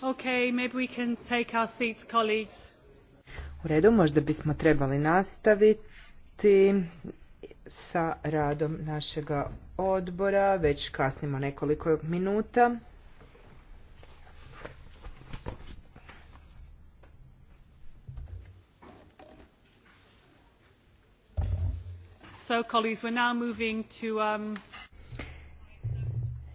Okay, maybe we can take our seats, colleagues. U redu, možda bismo trebali nastaviti sa radom našega odbora. Već kasnimo nekoliko minuta. So, colleagues, we're now moving to um,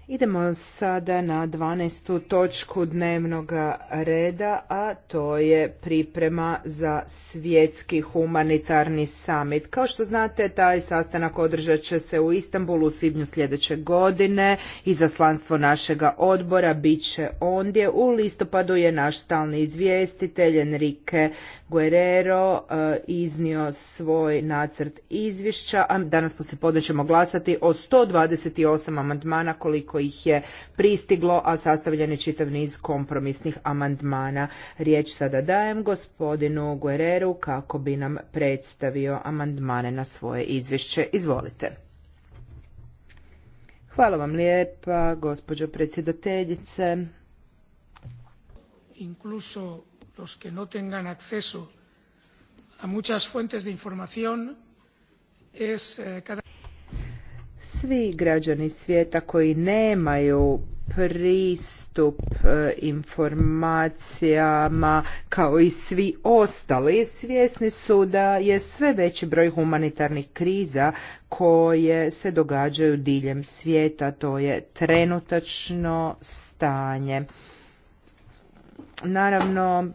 Idemo sada na 12. točku dnevnog reda, a to je priprema za svjetski humanitarni summit. Kao što znate, taj sastanak održat će se u Istanbulu u svibnju sljedeće godine. Izaslanstvo našega odbora bit će ondje. U listopadu je naš stalni izvjestitelj Enrique Guerrero eh, iznio svoj nacrt izvješća, a danas poslije podne ćemo glasati o 128 amandmana koliko koliko ih je pristiglo, a sastavljen je čitav niz kompromisnih amandmana. Riječ sada dajem gospodinu Guerreru kako bi nam predstavio amandmane na svoje izvješće. Izvolite. Hvala vam lijepa, gospođo predsjedateljice. Incluso los que no tengan acceso a muchas fuentes de información es eh, cada svi građani svijeta koji nemaju pristup e, informacijama kao i svi ostali svjesni su da je sve veći broj humanitarnih kriza koje se događaju diljem svijeta to je trenutačno stanje Naravno,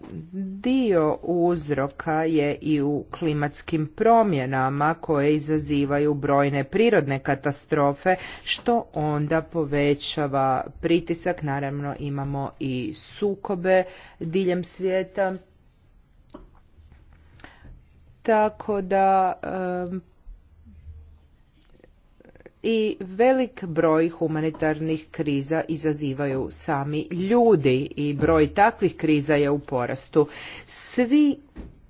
dio uzroka je i u klimatskim promjenama koje izazivaju brojne prirodne katastrofe, što onda povećava pritisak. Naravno, imamo i sukobe diljem svijeta. Tako da i velik broj humanitarnih kriza izazivaju sami ljudi i broj takvih kriza je u porastu. Svi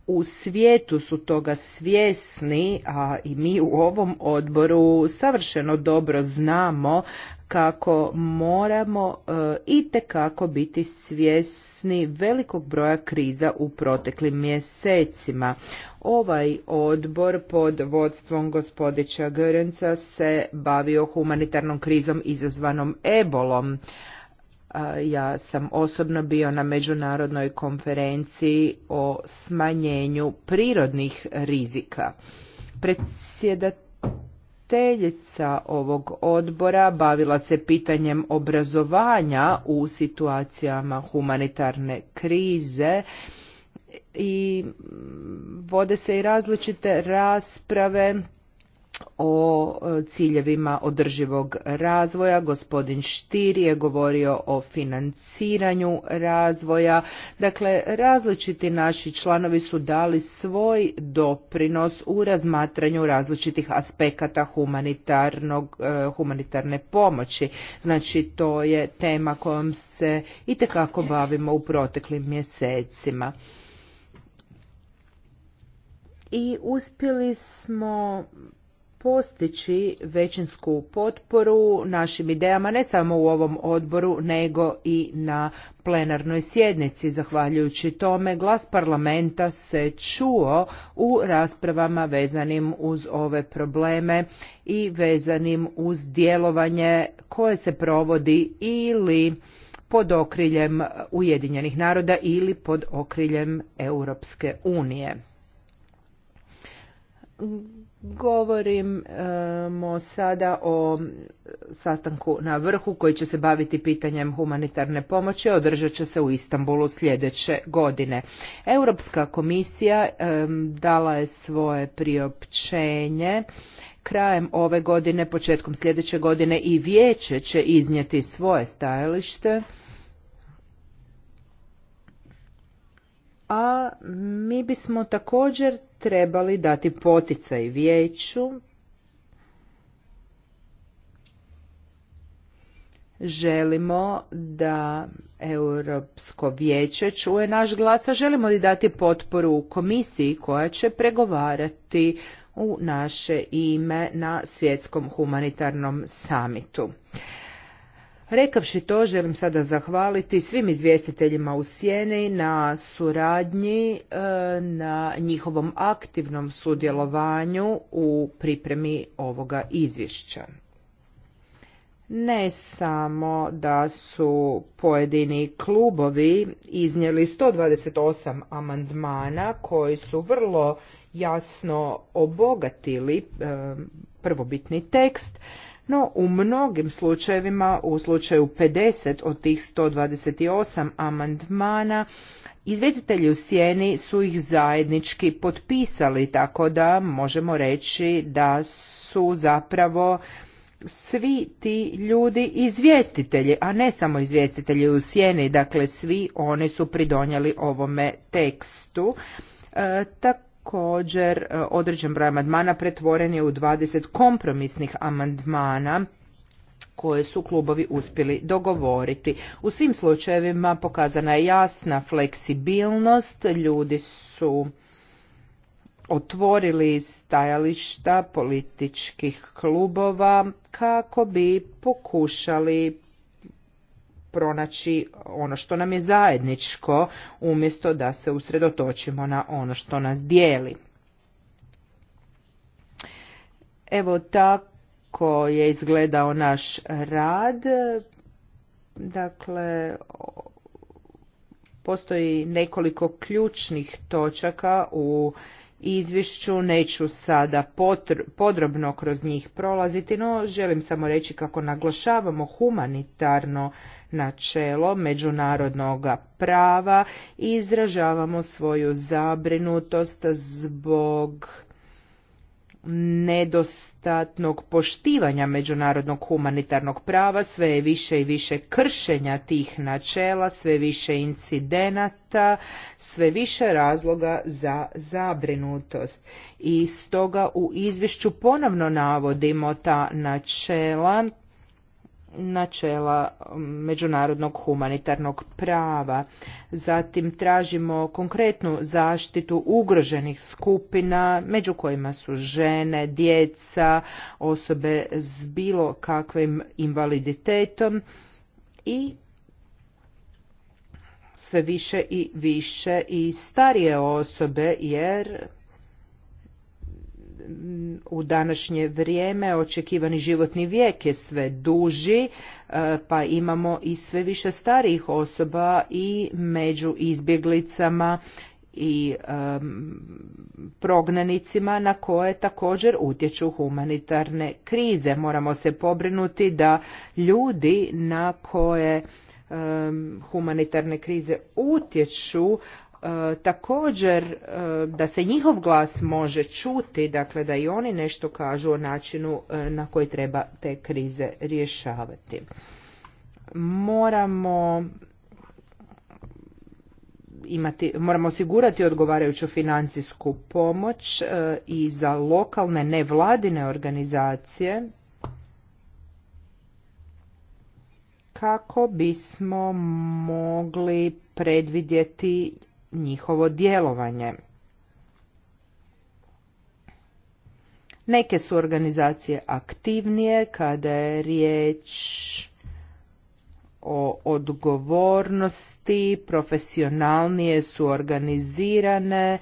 u svijetu su toga svjesni, a i mi u ovom odboru savršeno dobro znamo kako moramo e, i kako biti svjesni velikog broja kriza u proteklim mjesecima. Ovaj odbor pod vodstvom gospodića Görenca se bavio humanitarnom krizom izazvanom ebolom. Ja sam osobno bio na međunarodnoj konferenciji o smanjenju prirodnih rizika. Predsjedat izvjestiteljica ovog odbora bavila se pitanjem obrazovanja u situacijama humanitarne krize i vode se i različite rasprave o e, ciljevima održivog razvoja. Gospodin Štir je govorio o financiranju razvoja. Dakle, različiti naši članovi su dali svoj doprinos u razmatranju različitih aspekata humanitarnog, e, humanitarne pomoći. Znači, to je tema kojom se itekako bavimo u proteklim mjesecima. I uspjeli smo postići većinsku potporu našim idejama ne samo u ovom odboru nego i na plenarnoj sjednici. Zahvaljujući tome glas parlamenta se čuo u raspravama vezanim uz ove probleme i vezanim uz djelovanje koje se provodi ili pod okriljem Ujedinjenih naroda ili pod okriljem Europske unije. Govorimo sada o sastanku na vrhu koji će se baviti pitanjem humanitarne pomoći, održat će se u Istanbulu sljedeće godine. Europska komisija dala je svoje priopćenje krajem ove godine, početkom sljedeće godine i vijeće će iznijeti svoje stajalište. A mi bismo također trebali dati poticaj vijeću želimo da Europsko vijeće čuje naš glas, a želimo i dati potporu komisiji koja će pregovarati u naše ime na svjetskom humanitarnom samitu. Rekavši to, želim sada zahvaliti svim izvjestiteljima u Sjeni na suradnji, e, na njihovom aktivnom sudjelovanju u pripremi ovoga izvješća. Ne samo da su pojedini klubovi iznijeli 128 amandmana koji su vrlo jasno obogatili e, prvobitni tekst, no, u mnogim slučajevima, u slučaju 50 od tih 128 amandmana, izvjestitelji u sjeni su ih zajednički potpisali, tako da možemo reći da su zapravo svi ti ljudi izvjestitelji, a ne samo izvjestitelji u sjeni, dakle svi oni su pridonjali ovome tekstu. E, tako također e, određen broj amandmana pretvoren je u 20 kompromisnih amandmana koje su klubovi uspjeli dogovoriti. U svim slučajevima pokazana je jasna fleksibilnost, ljudi su otvorili stajališta političkih klubova kako bi pokušali pronaći ono što nam je zajedničko umjesto da se usredotočimo na ono što nas dijeli. Evo tako je izgledao naš rad. Dakle, postoji nekoliko ključnih točaka u izvješću, neću sada podrobno kroz njih prolaziti, no želim samo reći kako naglašavamo humanitarno načelo međunarodnog prava i izražavamo svoju zabrinutost zbog nedostatnog poštivanja međunarodnog humanitarnog prava, sve je više i više kršenja tih načela, sve više incidenata, sve više razloga za zabrinutost. I stoga u izvješću ponovno navodimo ta načela načela međunarodnog humanitarnog prava. Zatim tražimo konkretnu zaštitu ugroženih skupina, među kojima su žene, djeca, osobe s bilo kakvim invaliditetom i sve više i više i starije osobe jer Mm, u današnje vrijeme očekivani životni vijek je sve duži, e, pa imamo i sve više starijih osoba i među izbjeglicama i prognanicima na koje također utječu humanitarne krize. Moramo se pobrinuti da ljudi na koje humanitarne krize utječu E, također e, da se njihov glas može čuti, dakle da i oni nešto kažu o načinu e, na koji treba te krize rješavati. Moramo imati, moramo osigurati odgovarajuću financijsku pomoć i za lokalne nevladine organizacije kako bismo mogli predvidjeti njihovo djelovanje. Neke su organizacije aktivnije kada je riječ o odgovornosti, profesionalnije su organizirane,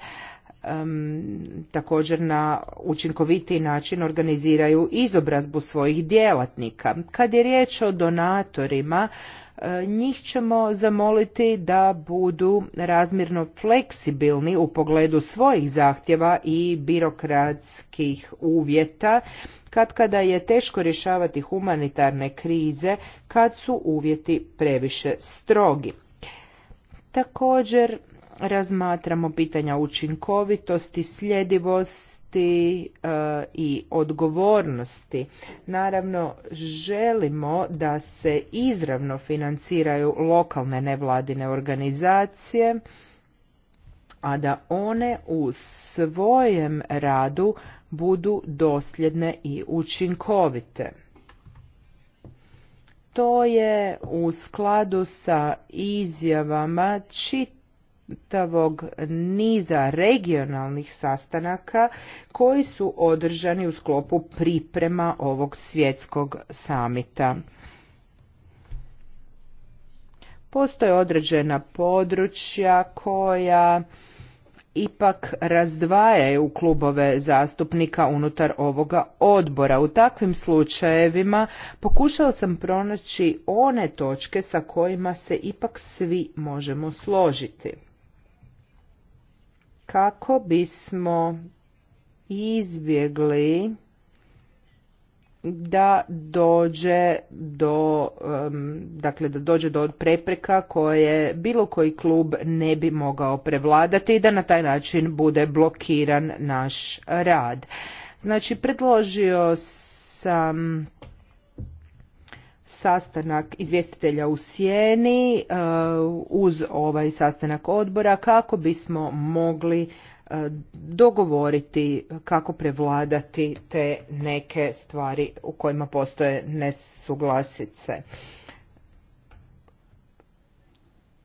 također na učinkovitiji način organiziraju izobrazbu svojih djelatnika. Kad je riječ o donatorima, njih ćemo zamoliti da budu razmjerno fleksibilni u pogledu svojih zahtjeva i birokratskih uvjeta kad kada je teško rješavati humanitarne krize kad su uvjeti previše strogi. Također razmatramo pitanja učinkovitosti, sljedivosti, E, i odgovornosti. Naravno, želimo da se izravno financiraju lokalne nevladine organizacije, a da one u svojem radu budu dosljedne i učinkovite. To je u skladu sa izjavama čit čitavog niza regionalnih sastanaka koji su održani u sklopu priprema ovog svjetskog samita. Postoje određena područja koja ipak razdvajaju klubove zastupnika unutar ovoga odbora. U takvim slučajevima pokušao sam pronaći one točke sa kojima se ipak svi možemo složiti kako bismo izbjegli da dođe do dakle da dođe do prepreka koje bilo koji klub ne bi mogao prevladati i da na taj način bude blokiran naš rad. Znači predložio sam sastanak izvjestitelja u sjeni e, uz ovaj sastanak odbora kako bismo mogli e, dogovoriti kako prevladati te neke stvari u kojima postoje nesuglasice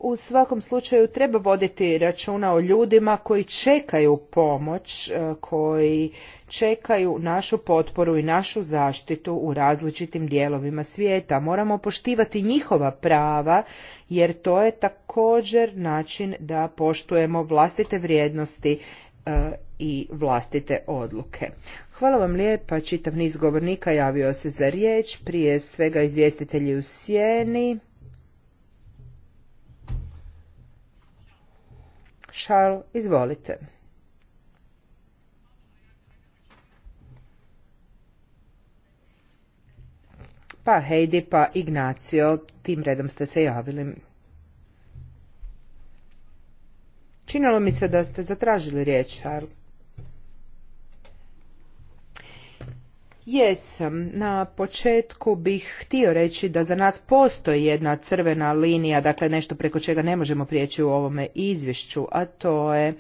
u svakom slučaju treba voditi računa o ljudima koji čekaju pomoć, e, koji čekaju našu potporu i našu zaštitu u različitim dijelovima svijeta. Moramo poštivati njihova prava jer to je također način da poštujemo vlastite vrijednosti e, i vlastite odluke. Hvala vam lijepa, čitav niz govornika javio se za riječ, prije svega izvjestitelji u sjeni. Charles, izvolite. Pa Heidi, pa Ignacio, tim redom ste se javili. Činilo mi se da ste zatražili riječ, Šarl. Jesam. Na početku bih htio reći da za nas postoji jedna crvena linija, dakle nešto preko čega ne možemo prijeći u ovome izvješću, a to je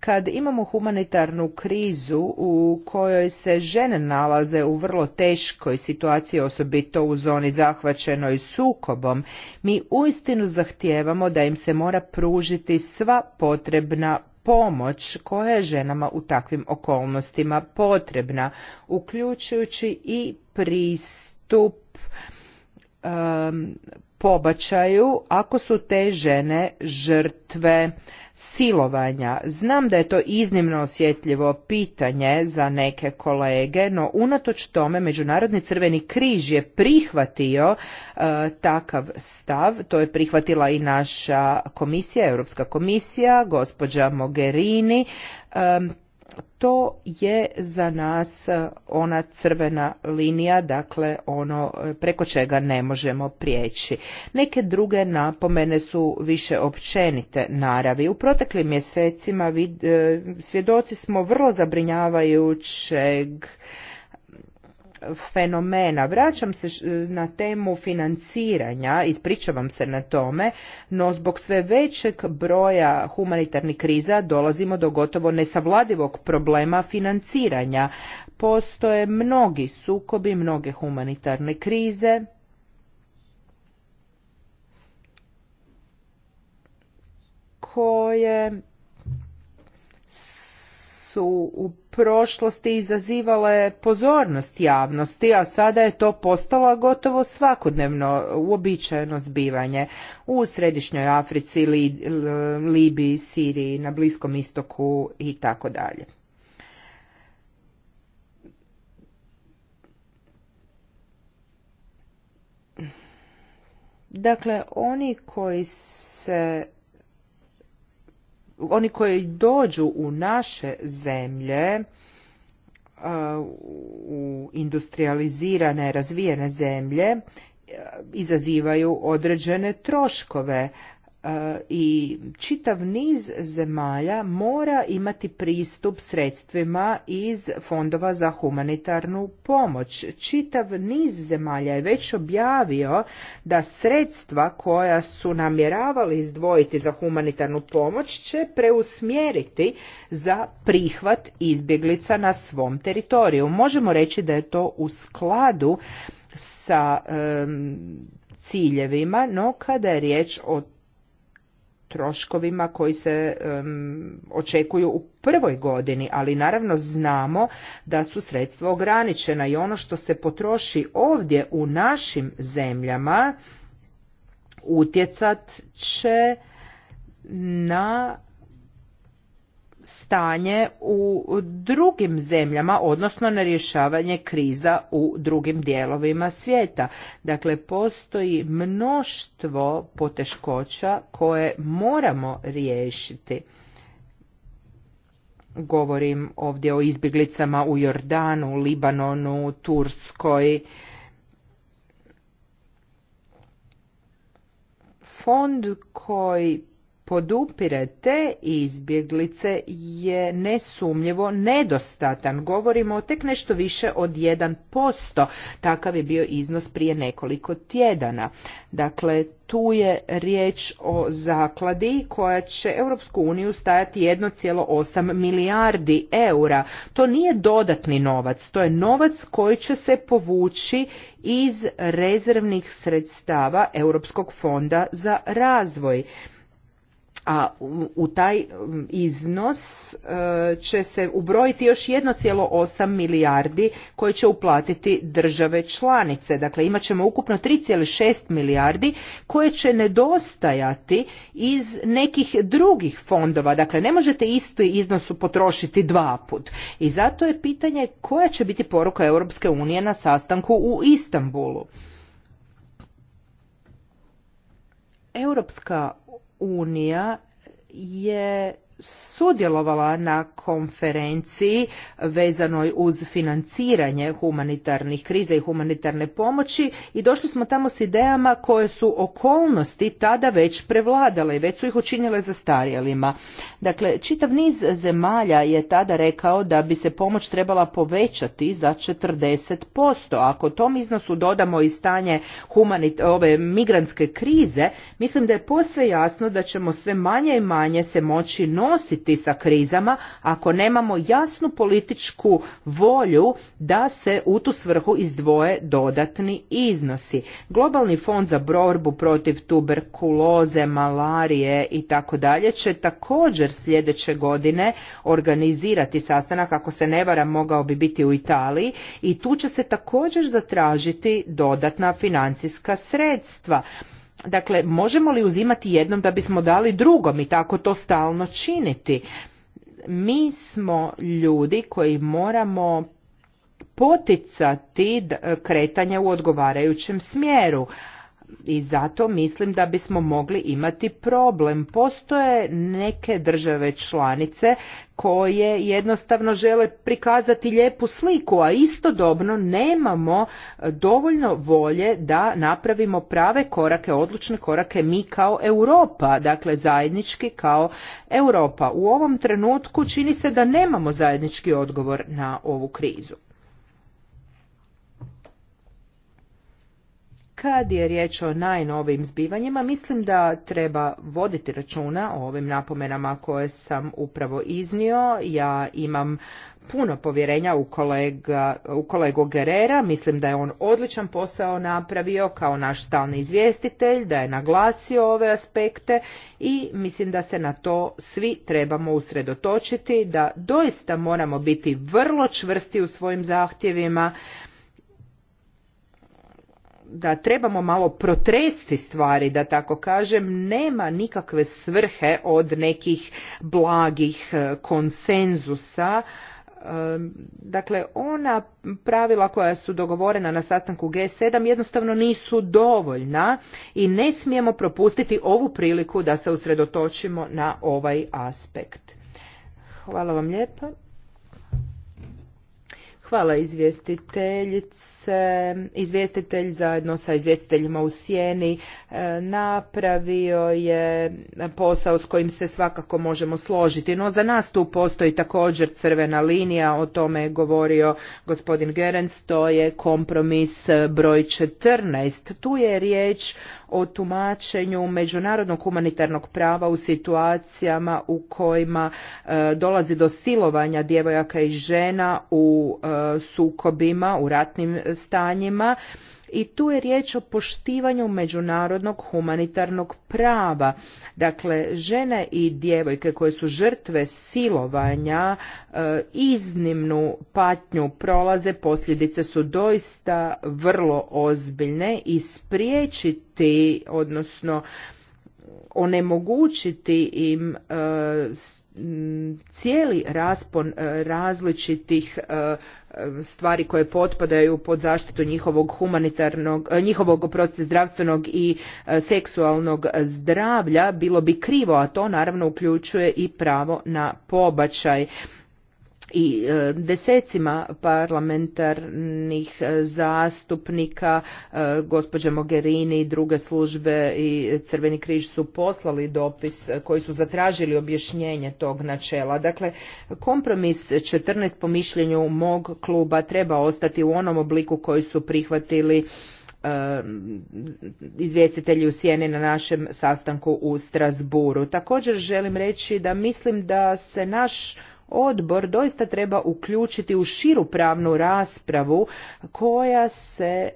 kad imamo humanitarnu krizu u kojoj se žene nalaze u vrlo teškoj situaciji, osobito u zoni zahvaćenoj sukobom, mi uistinu zahtijevamo da im se mora pružiti sva potrebna pomoć koja je ženama u takvim okolnostima potrebna, uključujući i pristup pobačaju ako su te žene žrtve silovanja. Znam da je to iznimno osjetljivo pitanje za neke kolege, no unatoč tome Međunarodni crveni križ je prihvatio e, takav stav, to je prihvatila i naša komisija, Europska komisija, gospođa Mogherini, e, to je za nas e, ona crvena linija, dakle ono e, preko čega ne možemo prijeći. Neke druge napomene su više općenite naravi. U proteklim mjesecima e, svjedoci smo vrlo zabrinjavajućeg fenomena. Vraćam se na temu financiranja, ispričavam se na tome, no zbog sve većeg broja humanitarnih kriza dolazimo do gotovo nesavladivog problema financiranja. Postoje mnogi sukobi, mnoge humanitarne krize. koje su u prošlosti izazivale pozornost javnosti, a sada je to postalo gotovo svakodnevno uobičajeno zbivanje u Središnjoj Africi, Libiji, Siriji, na Bliskom istoku i tako dalje. Dakle, oni koji se oni koji dođu u naše zemlje e, u industrializirane razvijene zemlje e, izazivaju određene troškove E, i čitav niz zemalja mora imati pristup sredstvima iz fondova za humanitarnu pomoć. Čitav niz zemalja je već objavio da sredstva koja su namjeravali izdvojiti za humanitarnu pomoć će preusmjeriti za prihvat izbjeglica na svom teritoriju. Možemo reći da je to u skladu sa ciljevima, no kada je riječ o troškovima koji se očekuju u prvoj godini, ali naravno znamo da su sredstva ograničena i ono što se potroši ovdje u našim zemljama utjecat će na stanje u drugim zemljama, odnosno na rješavanje kriza u drugim dijelovima svijeta. Dakle, postoji mnoštvo poteškoća koje moramo riješiti. Govorim ovdje o izbjeglicama u Jordanu, Libanonu, Turskoj. Fond koji podupire te izbjeglice je nesumnjivo nedostatan. Govorimo o tek nešto više od 1%. Takav je bio iznos prije nekoliko tjedana. Dakle, tu je riječ o zakladi koja će Europsku uniju stajati 1,8 milijardi eura. To nije dodatni novac, to je novac koji će se povući iz rezervnih sredstava Europskog fonda za razvoj a u taj um, iznos e, će se ubrojiti još 1,8 milijardi koje će uplatiti države članice. Dakle, imat ćemo ukupno 3,6 milijardi koje će nedostajati iz nekih drugih fondova. Dakle, ne možete isti iznosu potrošiti dva put. I zato je pitanje koja će biti poruka Europske unije na sastanku u Istanbulu. Europska unija je sudjelovala na konferenciji vezanoj uz financiranje humanitarnih kriza i humanitarne pomoći i došli smo tamo s idejama koje su okolnosti tada već prevladale i već su ih učinile zastarjelima. Dakle, čitav niz zemalja je tada rekao da bi se pomoć trebala povećati za 40%. Ako tom iznosu dodamo i stanje humanit ove migrantske krize, mislim da je posve jasno da ćemo sve manje i manje se moći nositi sa krizama ako nemamo jasnu političku volju da se u tu svrhu izdvoje dodatni iznosi. Globalni fond za borbu protiv tuberkuloze, malarije i tako dalje će također sljedeće godine organizirati sastanak, ako se ne varam mogao bi biti u Italiji i tu će se također zatražiti dodatna financijska sredstva. Dakle, možemo li uzimati jednom da bismo dali drugom i tako to stalno činiti? Mi smo ljudi koji moramo poticati kretanje u odgovarajućem smjeru i zato mislim da bismo mogli imati problem. Postoje neke države članice koje jednostavno žele prikazati lijepu sliku, a istodobno nemamo e, dovoljno volje da napravimo prave korake, odlučne korake mi kao Europa, dakle zajednički kao Europa. U ovom trenutku čini se da nemamo zajednički odgovor na ovu krizu. Kad je riječ o najnovim zbivanjima, mislim da treba voditi računa o ovim napomenama koje sam upravo iznio. Ja imam puno povjerenja u, kolega, u kolegu Gerera, mislim da je on odličan posao napravio kao naš stalni izvjestitelj, da je naglasio ove aspekte i mislim da se na to svi trebamo usredotočiti, da doista moramo biti vrlo čvrsti u svojim zahtjevima, da trebamo malo protresti stvari, da tako kažem, nema nikakve svrhe od nekih blagih e, konsenzusa e, dakle ona pravila koja su dogovorena na sastanku G7 jednostavno nisu dovoljna i ne smijemo propustiti ovu priliku da se usredotočimo na ovaj aspekt. Hvala vam lijepa. Hvala izvjestiteljice. Izvjestitelj zajedno sa izvjestiteljima u Sjeni e, napravio je posao s kojim se svakako možemo složiti. No za nas tu postoji također crvena linija, o tome je govorio gospodin Gerenc, to je kompromis broj 14. Tu je riječ o tumačenju međunarodnog humanitarnog prava u situacijama u kojima e, dolazi do silovanja djevojaka i žena u e, sukobima, u ratnim stanjima i tu je riječ o poštivanju međunarodnog humanitarnog prava. Dakle, žene i djevojke koje su žrtve silovanja e, iznimnu patnju prolaze, posljedice su doista vrlo ozbiljne i spriječiti, odnosno onemogućiti im e, cijeli raspon e, različitih e, e, stvari koje potpadaju pod zaštitu njihovog humanitarnog, njihovog zdravstvenog i seksualnog zdravlja bilo bi krivo, a to naravno uključuje i pravo na pobačaj i e, desecima parlamentarnih e, zastupnika, e, gospođa Mogherini i druge službe i Crveni križ su poslali dopis koji su zatražili objašnjenje tog načela. Dakle, kompromis 14 po mišljenju mog kluba treba ostati u onom obliku koji su prihvatili izvjestitelji u sjeni na našem sastanku u Strasburu. Također želim reći da mislim da se naš odbor doista treba uključiti u širu pravnu raspravu koja se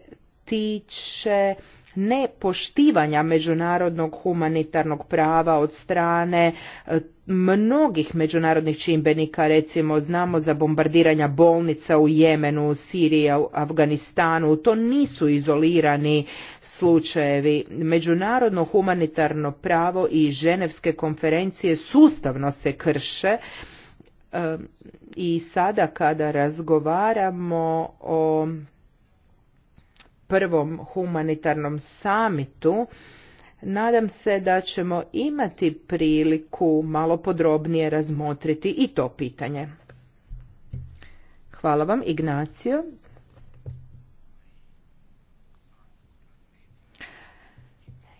tiče nepoštivanja međunarodnog humanitarnog prava od strane e, mnogih međunarodnih čimbenika, recimo znamo za bombardiranja bolnica u Jemenu, u Siriji, u Afganistanu, to nisu izolirani slučajevi. Međunarodno humanitarno pravo i ženevske konferencije sustavno se krše i sada kada razgovaramo o prvom humanitarnom samitu, nadam se da ćemo imati priliku malo podrobnije razmotriti i to pitanje. Hvala vam, Ignacio.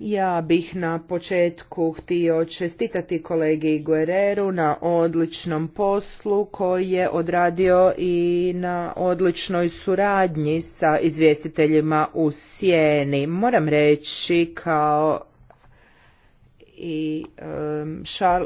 Ja bih na početku htio čestitati kolegi Guerreru na odličnom poslu koji je odradio i na odličnoj suradnji sa izvjestiteljima u Sjeni. Moram reći kao i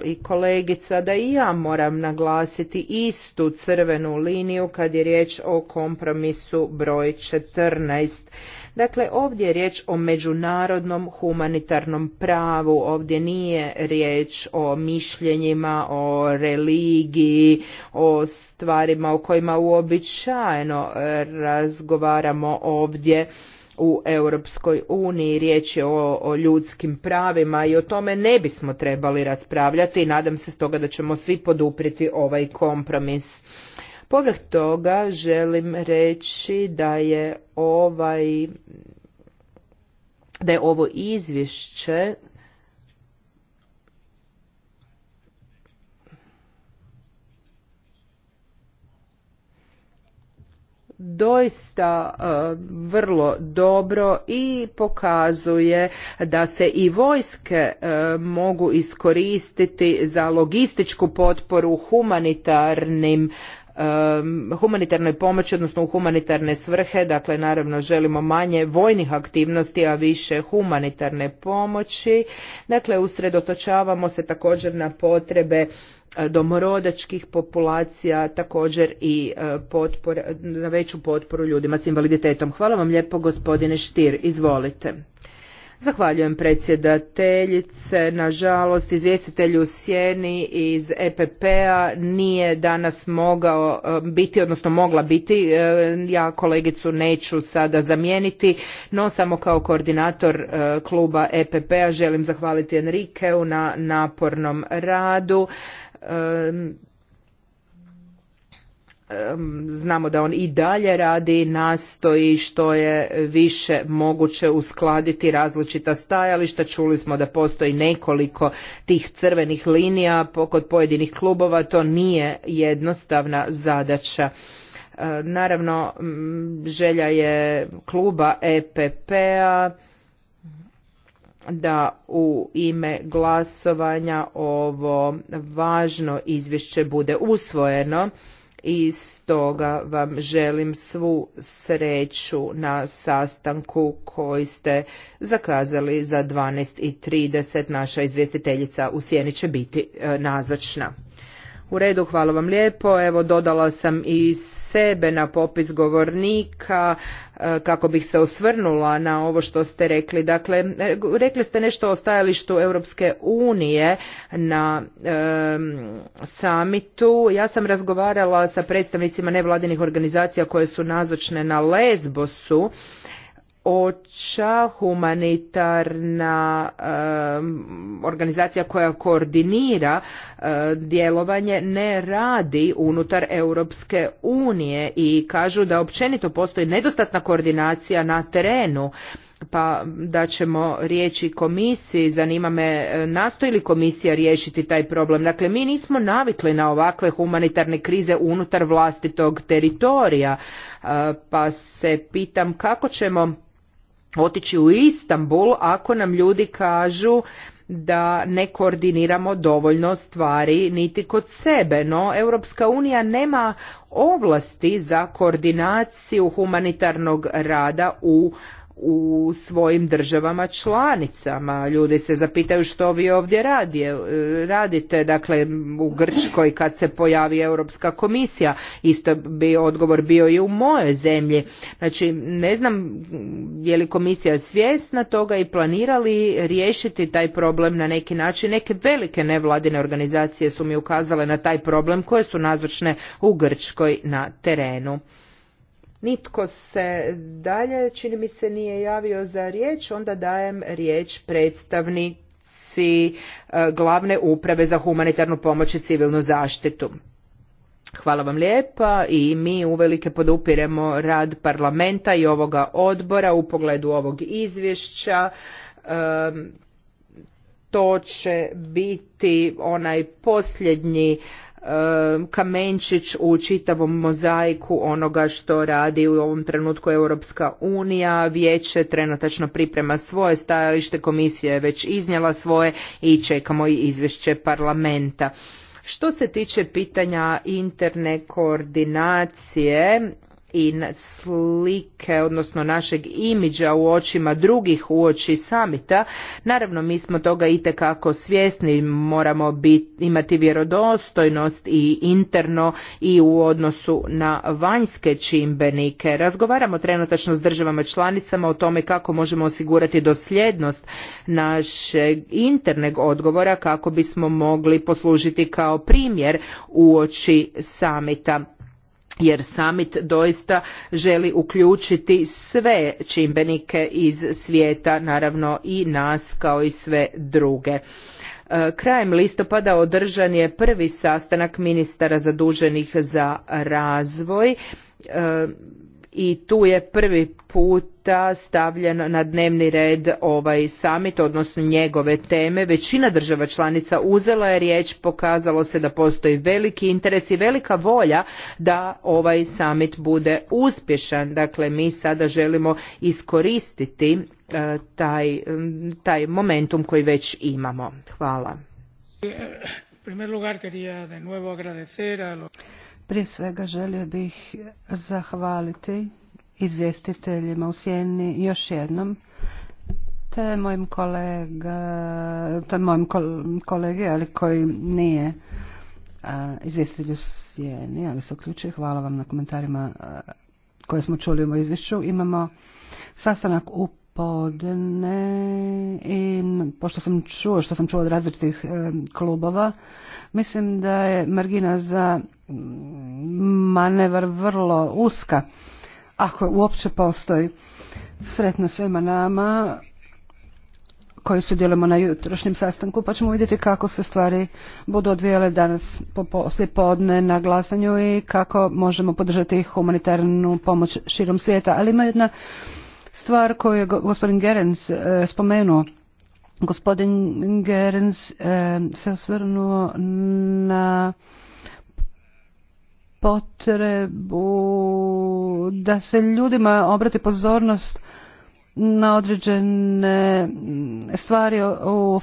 i kolegica da i ja moram naglasiti istu crvenu liniju kad je riječ o kompromisu broj 14 Dakle, ovdje je riječ o međunarodnom humanitarnom pravu, ovdje nije riječ o mišljenjima, o religiji, o stvarima o kojima uobičajeno razgovaramo ovdje u Europskoj uniji, riječ je o, o ljudskim pravima i o tome ne bismo trebali raspravljati i nadam se stoga da ćemo svi poduprijeti ovaj kompromis. Povrh toga želim reći da je ovaj da je ovo izvješće doista e, vrlo dobro i pokazuje da se i vojske e, mogu iskoristiti za logističku potporu humanitarnim Um, humanitarnoj pomoći, odnosno u humanitarne svrhe, dakle naravno želimo manje vojnih aktivnosti, a više humanitarne pomoći. Dakle, usredotočavamo se također na potrebe e, domorodačkih populacija, također i e, na veću potporu ljudima s invaliditetom. Hvala vam lijepo gospodine Štir, izvolite. Zahvaljujem predsjedateljice. Nažalost, u Sjeni iz EPP-a nije danas mogao e, biti, odnosno mogla biti. E, ja kolegicu neću sada zamijeniti, no samo kao koordinator e, kluba EPP-a želim zahvaliti Enrikeu na napornom radu znamo da on i dalje radi nastoji što je više moguće uskladiti različita stajališta. Čuli smo da postoji nekoliko tih crvenih linija kod pojedinih klubova, to nije jednostavna zadaća. E, naravno, želja je kluba EPP-a da u ime glasovanja ovo važno izvješće bude usvojeno i stoga vam želim svu sreću na sastanku koji ste zakazali za 12.30. Naša izvjestiteljica u Sjeni će biti e, nazočna. U redu, hvala vam lijepo. Evo, dodala sam i sebe na popis govornika e, kako bih se osvrnula na ovo što ste rekli. Dakle, e, rekli ste nešto o stajalištu Europske unije na e, samitu. Ja sam razgovarala sa predstavnicima nevladinih organizacija koje su nazočne na Lesbosu oča humanitarna organizacija koja koordinira e, djelovanje ne radi unutar Europske unije i kažu da općenito postoji nedostatna koordinacija na terenu pa da ćemo riječi komisiji, zanima me e, nastoji li komisija riješiti taj problem. Dakle, mi nismo navikli na ovakve humanitarne krize unutar vlastitog teritorija, e, pa se pitam kako ćemo otići u Istanbul ako nam ljudi kažu da ne koordiniramo dovoljno stvari niti kod sebe, no Europska unija nema ovlasti za koordinaciju humanitarnog rada u u svojim državama članicama. Ljudi se zapitaju što vi ovdje radije, radite. Dakle, u Grčkoj kad se pojavi Europska komisija, isto bi odgovor bio i u mojoj zemlji. Znači, ne znam je li komisija svjesna toga i planirali riješiti taj problem na neki način. Neke velike nevladine organizacije su mi ukazale na taj problem koje su nazočne u Grčkoj na terenu. Nitko se dalje, čini mi se, nije javio za riječ, onda dajem riječ predstavnici e, glavne uprave za humanitarnu pomoć i civilnu zaštitu. Hvala vam lijepa i mi uvelike podupiremo rad parlamenta i ovoga odbora u pogledu ovog izvješća. E, to će biti onaj posljednji Um, kamenčić u čitavom mozaiku onoga što radi u ovom trenutku Europska unija. Vijeće trenutačno priprema svoje stajalište, komisija je već iznijela svoje i čekamo i izvješće parlamenta. Što se tiče pitanja interne koordinacije, i slike, odnosno našeg imidža u očima drugih uoči oči samita. Naravno, mi smo toga tekako svjesni, moramo bit, imati vjerodostojnost i interno i u odnosu na vanjske čimbenike. Razgovaramo trenutačno s državama članicama o tome kako možemo osigurati dosljednost našeg internog odgovora kako bismo mogli poslužiti kao primjer u oči samita jer summit doista želi uključiti sve čimbenike iz svijeta, naravno i nas kao i sve druge. E, krajem listopada održan je prvi sastanak ministara zaduženih za razvoj e, i tu je prvi puta stavljen na dnevni red ovaj summit, odnosno njegove teme. Većina država članica uzela je riječ, pokazalo se da postoji veliki interes i velika volja da ovaj summit bude uspješan. Dakle, mi sada želimo iskoristiti e, taj, taj momentum koji već imamo. Hvala. Prije svega želio bih zahvaliti izvjestiteljima u Sjeni još jednom te mojim kolega, to mojim kolegi, ali koji nije izvjestitelj u Sjeni, ali se uključuje. Hvala vam na komentarima koje smo čuli u izvješću. Imamo sastanak u popodne i pošto sam čuo što sam čuo od različitih e, klubova, mislim da je margina za mm, manevar vrlo uska, ako uopće postoji. Sretno svima nama koji sudjelujemo na jutrošnjem sastanku, pa ćemo vidjeti kako se stvari budu odvijale danas poslije podne na glasanju i kako možemo podržati humanitarnu pomoć širom svijeta. Ali ima jedna stvar koju je gospodin Gerens e, spomenuo. Gospodin Gerens e, se osvrnuo na potrebu da se ljudima obrati pozornost na određene mm, stvari u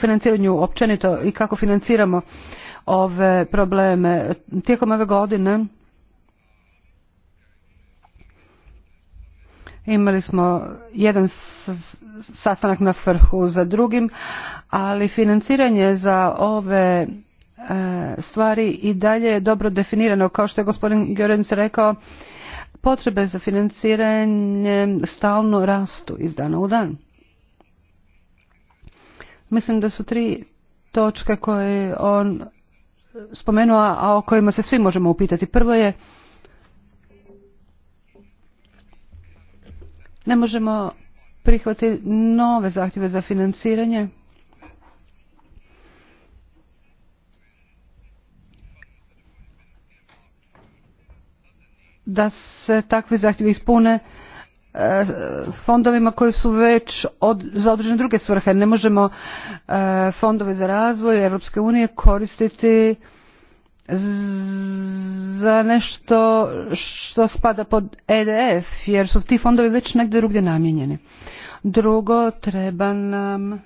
financiranju općenito i kako financiramo ove probleme. Tijekom ove godine Imali smo jedan sastanak na vrhu za drugim, ali financiranje za ove e, stvari i dalje je dobro definirano. Kao što je gospodin Gjorenc rekao, potrebe za financiranje stalno rastu iz dana u dan. Mislim da su tri točke koje on spomenuo, a o kojima se svi možemo upitati. Prvo je Ne možemo prihvatiti nove zahtjeve za financiranje. Da se takvi zahtjevi ispune e, fondovima koji su već od, za određene druge svrhe. Ne možemo e, fondove za razvoj Europske unije koristiti za nešto što spada pod EDF, jer su ti fondovi već negdje drugdje namijenjeni. Drugo, treba nam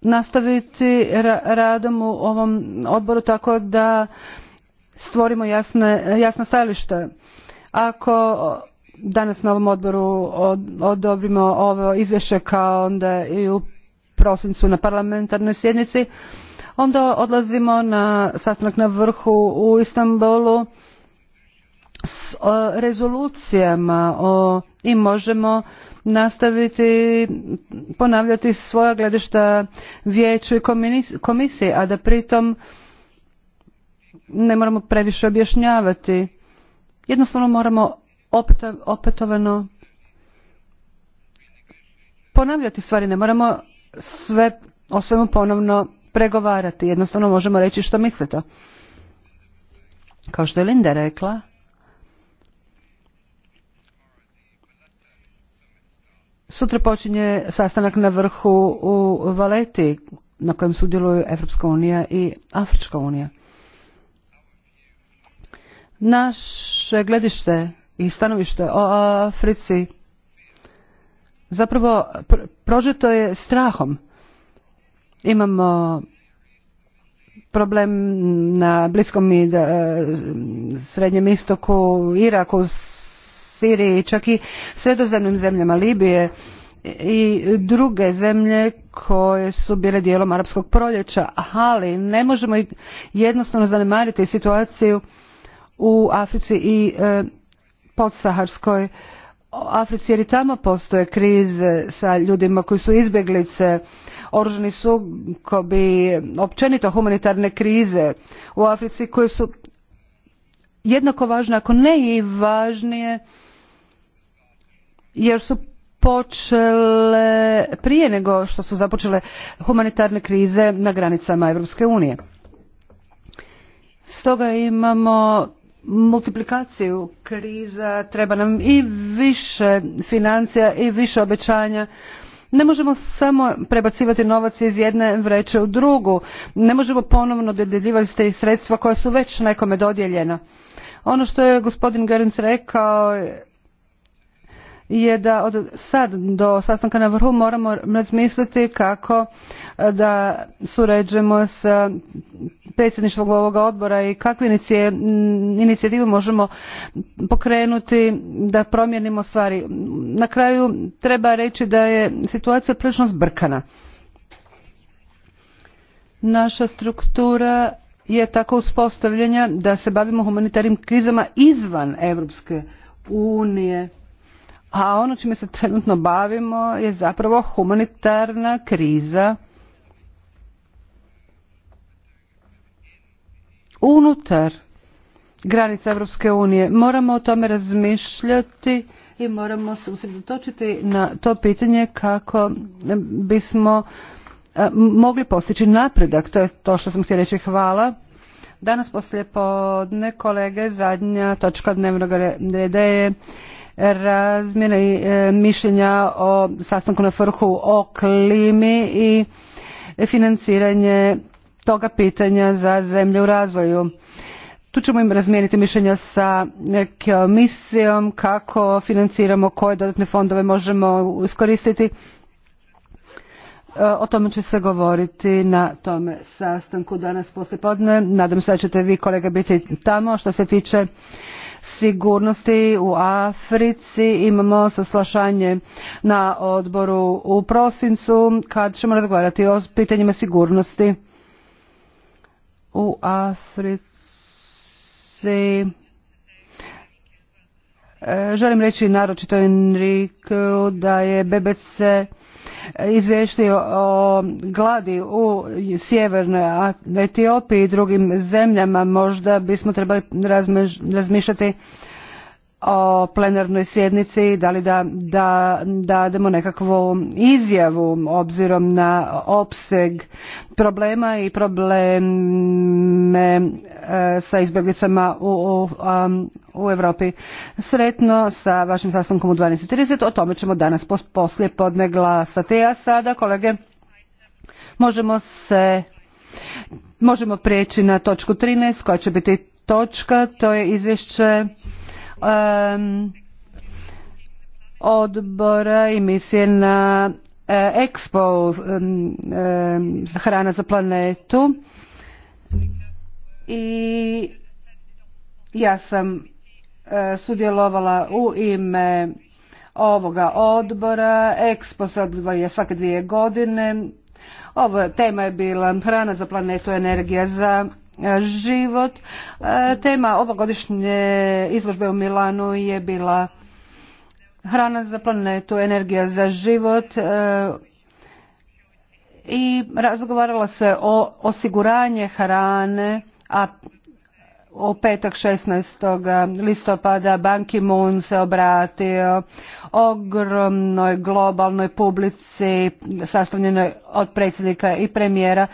nastaviti radom u ovom odboru tako da stvorimo jasne, jasna stajališta. Ako danas na ovom odboru odobrimo ovo izvješće kao onda i u prosincu na parlamentarnoj sjednici. Onda odlazimo na sastanak na vrhu u Istanbulu s rezolucijama o, i možemo nastaviti ponavljati svoja gledišta vijeću i komisiji, a da pritom ne moramo previše objašnjavati. Jednostavno moramo opet, opetovano ponavljati stvari, ne moramo sve o svemu ponovno pregovarati. Jednostavno možemo reći što mislite. Kao što je Linda rekla, Sutra počinje sastanak na vrhu u Valeti na kojem sudjeluju Evropska unija i Afrička unija. Naše gledište i stanovište o Africi zapravo prožeto je strahom. Imamo problem na Bliskom i e, Srednjem istoku, Iraku, Siriji, čak i sredozemnim zemljama Libije i druge zemlje koje su bile dijelom arapskog proljeća, ali ne možemo jednostavno zanemariti situaciju u Africi i e, podsaharskoj Africi jer i tamo postoje krize sa ljudima koji su izbjeglice, oružani bi općenito humanitarne krize u Africi koje su jednako važne, ako ne i važnije, jer su počele prije nego što su započele humanitarne krize na granicama Europske unije. Stoga imamo multiplikaciju kriza, treba nam i više financija i više obećanja. Ne možemo samo prebacivati novac iz jedne vreće u drugu. Ne možemo ponovno dodjeljivati sredstva koja su već nekome dodijeljena. Ono što je gospodin Gerenc rekao je da od sad do sastanka na vrhu moramo razmisliti kako e, da surađujemo sa predsjedništvom ovog odbora i kakve inicijative možemo pokrenuti da promijenimo stvari. Na kraju treba reći da je situacija prilično zbrkana. Naša struktura je tako uspostavljena da se bavimo humanitarnim krizama izvan Europske unije a ono čime se trenutno bavimo je zapravo humanitarna kriza unutar granica Europske unije. Moramo o tome razmišljati i moramo se usredotočiti na to pitanje kako bismo e, mogli postići napredak. To je to što sam htio reći. Hvala. Danas poslije podne kolege zadnja točka dnevnog reda je razmjene e, mišljenja o sastanku na vrhu o klimi i financiranje toga pitanja za zemlje u razvoju. Tu ćemo im razmijeniti mišljenja sa komisijom kako financiramo, koje dodatne fondove možemo iskoristiti. E, o tome će se govoriti na tome sastanku danas podne. Nadam se da ćete vi kolega biti tamo. Što se tiče sigurnosti u Africi. Imamo saslašanje na odboru u prosincu kad ćemo razgovarati o pitanjima sigurnosti u Africi. E, želim reći naročito Enriku da je BBC izvješti o gladi u sjevernoj Etiopiji i drugim zemljama možda bismo trebali razmišljati o plenarnoj sjednici da li da, da dademo nekakvu izjavu obzirom na opseg problema i probleme e, sa izbjeglicama u, um, u, Europi. Sretno sa vašim sastankom u 12.30, o tome ćemo danas pos, poslije podne glasati. A sada, kolege, možemo se... Možemo prijeći na točku 13 koja će biti točka, to je izvješće odbora i misije na e, Expo hrana za planetu i ja sam e, sudjelovala u ime ovoga odbora. Expo se odvoje svake dvije godine. Ovo tema je bila hrana za planetu, energija za život. E, tema ovogodišnje izložbe u Milanu je bila hrana za planetu, energija za život e, i razgovaralo se o osiguranje hrane, a u petak 16. listopada Banki Ki-moon se obratio ogromnoj globalnoj publici sastavljenoj od predsjednika i premijera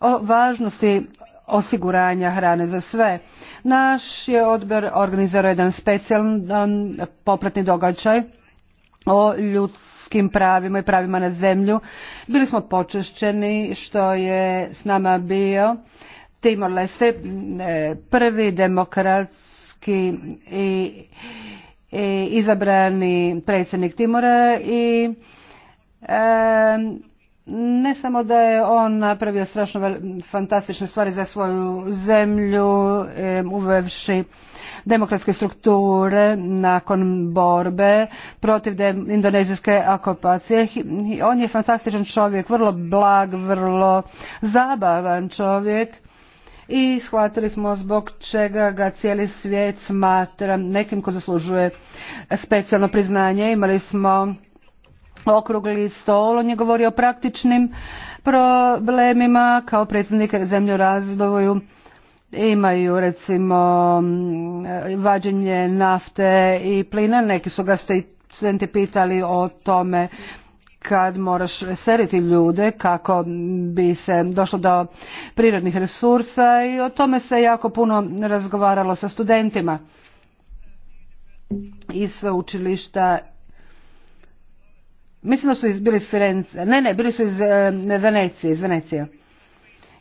o važnosti osiguranja hrane za sve. Naš je odbor organizirao jedan specijalan popratni događaj o ljudskim pravima i pravima na zemlju. Bili smo počešćeni što je s nama bio Timor Leste, e, prvi demokratski i, izabrani predsjednik Timora i e, ne samo da je on napravio strašno fantastične stvari za svoju zemlju uvevši demokratske strukture nakon borbe protiv indonezijske okupacije. On je fantastičan čovjek, vrlo blag, vrlo zabavan čovjek i shvatili smo zbog čega ga cijeli svijet smatra nekim ko zaslužuje specijalno priznanje. Imali smo okrugli stol. On je govorio o praktičnim problemima kao predsjednik u razvoju. imaju recimo mm, vađenje nafte i plina, neki su ga studenti pitali o tome kad moraš seriti ljude kako bi se došlo do prirodnih resursa i o tome se jako puno razgovaralo sa studentima iz sveučilišta Mislim da su bili iz Firenze, ne, ne, bili su iz eh, Venecije, iz Venecije.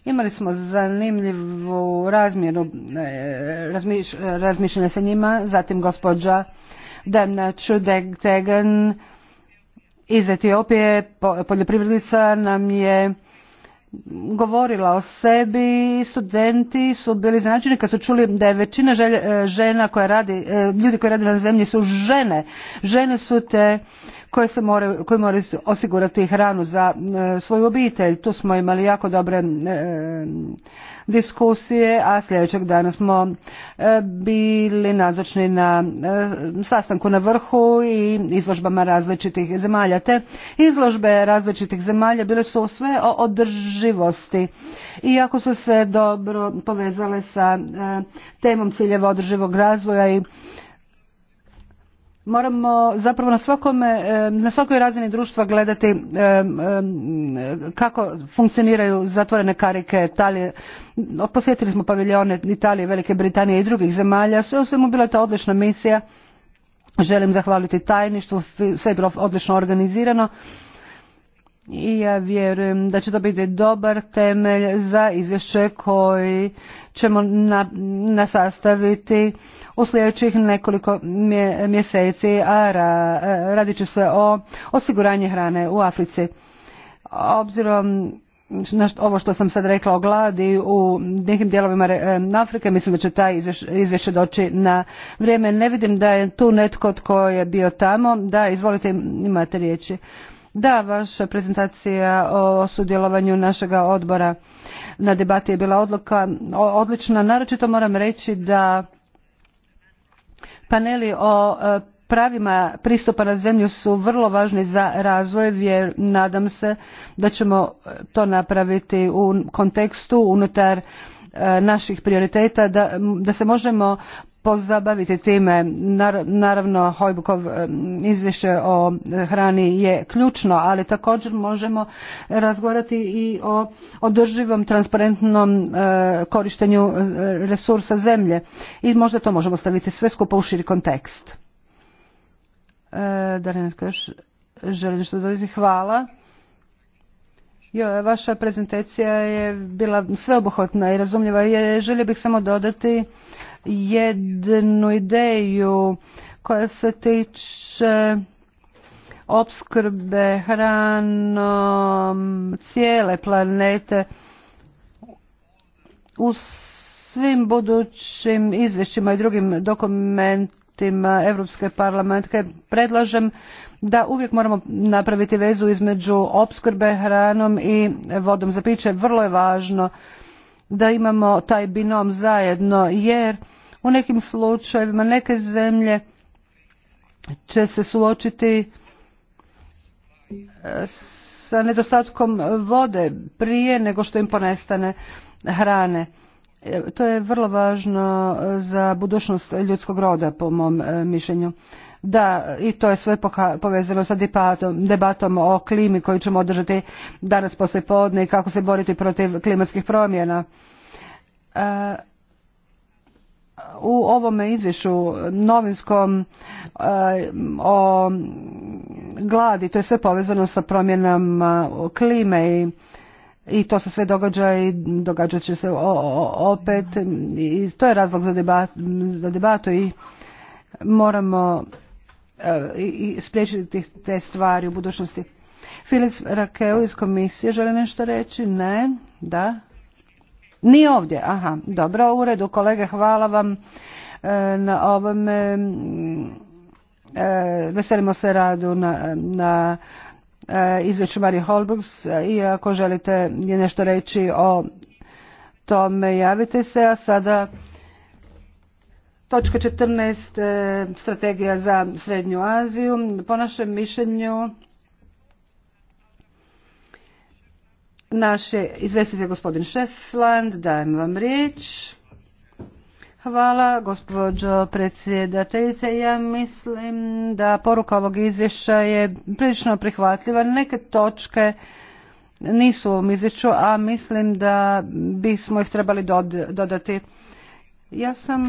Imali smo zanimljivu razmjeru eh, razmiš, eh, razmišljanja sa njima, zatim gospođa Demna čudeg tegen iz Etiopije, poljoprivrednica nam je govorila o sebi, studenti su bili značajni kad su čuli da je većina žena koja radi, ljudi koji rade na zemlji su žene. Žene su te koje, se more, koje moraju osigurati hranu za e, svoju obitelj. Tu smo imali jako dobre e, diskusije, a sljedećeg dana smo e, bili nazočni na sastanku na vrhu i izložbama različitih zemalja. Te izložbe različitih zemalja bile su sve o održivosti i jako su se dobro povezale sa temom ciljeva održivog razvoja i moramo zapravo na, svakome, e, na svakoj razini društva gledati e, e, kako funkcioniraju zatvorene karike Italije. Posjetili smo paviljone Italije, Velike Britanije i drugih zemalja. Sve u svemu bila je to odlična misija. Želim zahvaliti tajništvu, sve je bilo odlično organizirano i ja vjerujem da će to biti dobar temelj za izvješće koji ćemo nasastaviti u sljedećih nekoliko mjeseci, a radit će se o osiguranju hrane u Africi. Obzirom na ovo što sam sad rekla o gladi u nekim dijelovima Afrike, mislim da će taj izvješće doći na vrijeme. Ne vidim da je tu netko tko je bio tamo. Da, izvolite, imate riječi. Da, vaša prezentacija o sudjelovanju našega odbora na debati je bila odluka odlična. Naročito moram reći da paneli o e, pravima pristupa na zemlju su vrlo važni za razvoj jer nadam se da ćemo to napraviti u kontekstu unutar e, naših prioriteta da, da se možemo pozabaviti time. Naravno, Hojbukov e, izvješće o e, hrani je ključno, ali također možemo razgovarati i o održivom, transparentnom e, korištenju resursa zemlje i možda to možemo staviti sve skupo u širi kontekst. Da li netko još dodati? Hvala. vaša prezentacija je bila sveobuhvatna i razumljiva. Je, želio bih samo dodati jednu ideju koja se tiče opskrbe hranom cijele planete u svim budućim izvješćima i drugim dokumentima Europske parlamentke predlažem da uvijek moramo napraviti vezu između opskrbe hranom i vodom za piće. Vrlo je važno da imamo taj binom zajedno jer u nekim slučajevima neke zemlje će se suočiti e, sa nedostatkom vode prije nego što im ponestane hrane. E, to je vrlo važno za budućnost ljudskog roda po mom e, mišljenju. Da, i to je sve povezano sa debatom o klimi koju ćemo održati danas poslije i kako se boriti protiv klimatskih promjena u ovome izvješću novinskom eh, o gladi, to je sve povezano sa promjenama eh, klime i i to se sve događa i događat će se opet i to je razlog za debatu, i moramo eh, i spriječiti te stvari u budućnosti. Filip Rakeo iz komisije želi nešto reći? Ne? Da? Ni ovdje, aha, dobro, u uredu kolege, hvala vam e, na ovom, e, e, veselimo se radu na, na izveću Marije Holbrooks i ako želite nešto reći o tome, javite se, a sada... Točka 14. Strategija za Srednju Aziju. Po našem mišljenju Naše je gospodin Šefland, dajem vam riječ. Hvala, gospođo predsjedateljice. Ja mislim da poruka ovog izvješća je prilično prihvatljiva. Neke točke nisu u ovom izvješću, a mislim da bismo ih trebali dodati. Ja sam